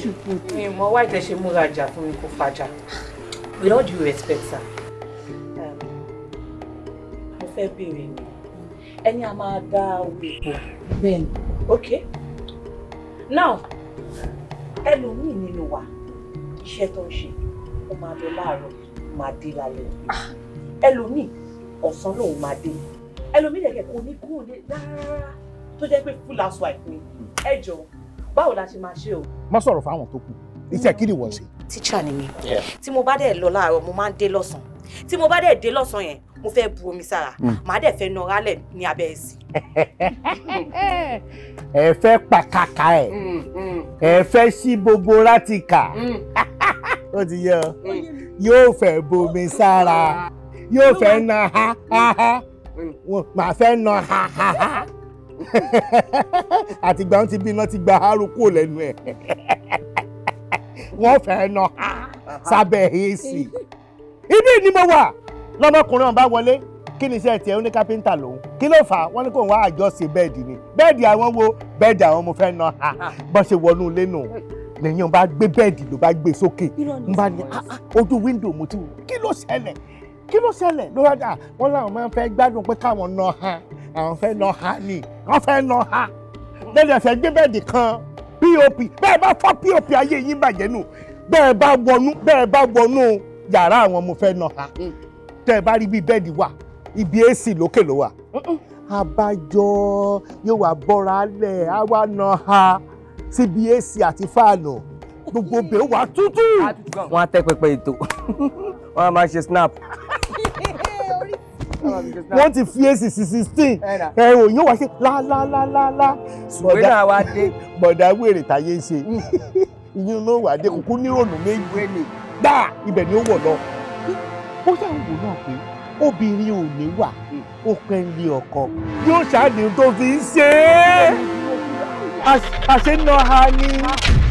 S5: mi mọ wáyé tẹ ṣe múra jà fún mi kó fàjà with all due respect sir um, mo fẹ́ béèrè ni ẹni a máa dá owó ipò ok now ẹlòmíì nínú wa iṣẹ́ tó ń ṣe ó máa lọ láàárọ̀ máa dé lálẹ́. Ah, ẹlòmíì ọ̀sán lòun máa dé ẹlòmíì dẹ̀kẹ̀ kò ní kúrò lé rárá tó jẹ́ pé full housewife ni ẹ jọ báwo la ṣe máa ṣe o.
S2: má sọ̀rọ̀ fáwọn tó kù iṣẹ́ kí ni wọ́n ṣe. tíṣà ni mi
S5: tí mo bá dẹ̀ lọ láàárọ̀ mo máa ń dé lọ́sàn-án tí mo bá dẹ̀ dé lọ́sàn-án yẹn mo fẹ́ bu omi sára hmm. màá dẹ̀ fẹ́ nọra lẹ̀ ní abẹ́ ẹ̀sìn.
S3: ẹ fẹ́ pàkàkà ẹ̀
S6: hmm, hmm.
S3: ẹ
S4: fẹ́ sí gbogbo rátíkà ó ti yẹ ọ yóò fẹ́ bomi sára yóò fẹ́ na ha ha ha màá fẹ́ na ha ha ha àtìgbà wọn ti bí iná ti gba haru kúrò lẹ́nu ẹ̀ wọ́n fẹ́ na ha sábẹ́ èsì ibi ni mo wà lọ́mọkùnrin ọ̀hún bá wọlé kí ni iṣẹ́ tiẹ̀ ó ní kápẹ́ńtà lòun kí ló fà á wọ́n ní kó wá àjọṣe bẹ́ẹ̀dì ni bẹ́ẹ̀dì àwọn wo bẹ́ẹ̀dì àwọn mo fẹ́ na ha ah. bọ́ ṣe wọnú ilé nù lẹ́yìn ọba gbé bẹ́ẹ̀dì ló bá gbé sókè n bá ní ah, ah, ojú wíńdò mo ti wò kí ló ṣẹlẹ̀ kí ló ṣẹlẹ̀ ló wá dà wọ́n láwọn máa ń fẹ́ gbádùn pé káwọn nà ha àwọn fẹ́ nà ha ni wọ́n fẹ́ nà ha lẹ́yìn ẹ̀fẹ́ gbé bẹ́ẹ̀dì kan pop bẹ́ẹ̀ bá fọ́ pop ayé yín bàjẹ́ nù bẹ́ẹ̀ bá wọnú bẹ́ẹ̀ bá wọnú yàrá àwọn mo fẹ́ nà ha mm. tẹ́ ẹ bá rí bí bẹ́ẹ̀dì wà ibi ac lókè ló wà abájọ yóò wá bọ́ra lẹ̀ á wá nà ha síbi ac àti fáànù gbogbo bẹ́ẹ̀ wà tútù. wọ́n á tẹ́ pẹpẹ ètò wọ́n á máa ṣe snap. wọ́n ti fi èsì sí sixteen ẹ̀rọ yóò wá ṣe lálálálá. ṣùgbọ́n náà bọ̀dà wèrè táyé ṣe ìyẹn ló wà dé kúkú nírònú méjì gbà ibẹ̀ ni ó wọ̀ lọ. ó ṣàwòrán náà pé obìnrin ò ní wà hmm. ó pẹ́ ń lé ọkọ yóò ṣáà ní tó fi ṣe é àṣẹ náà ha ni. Ah.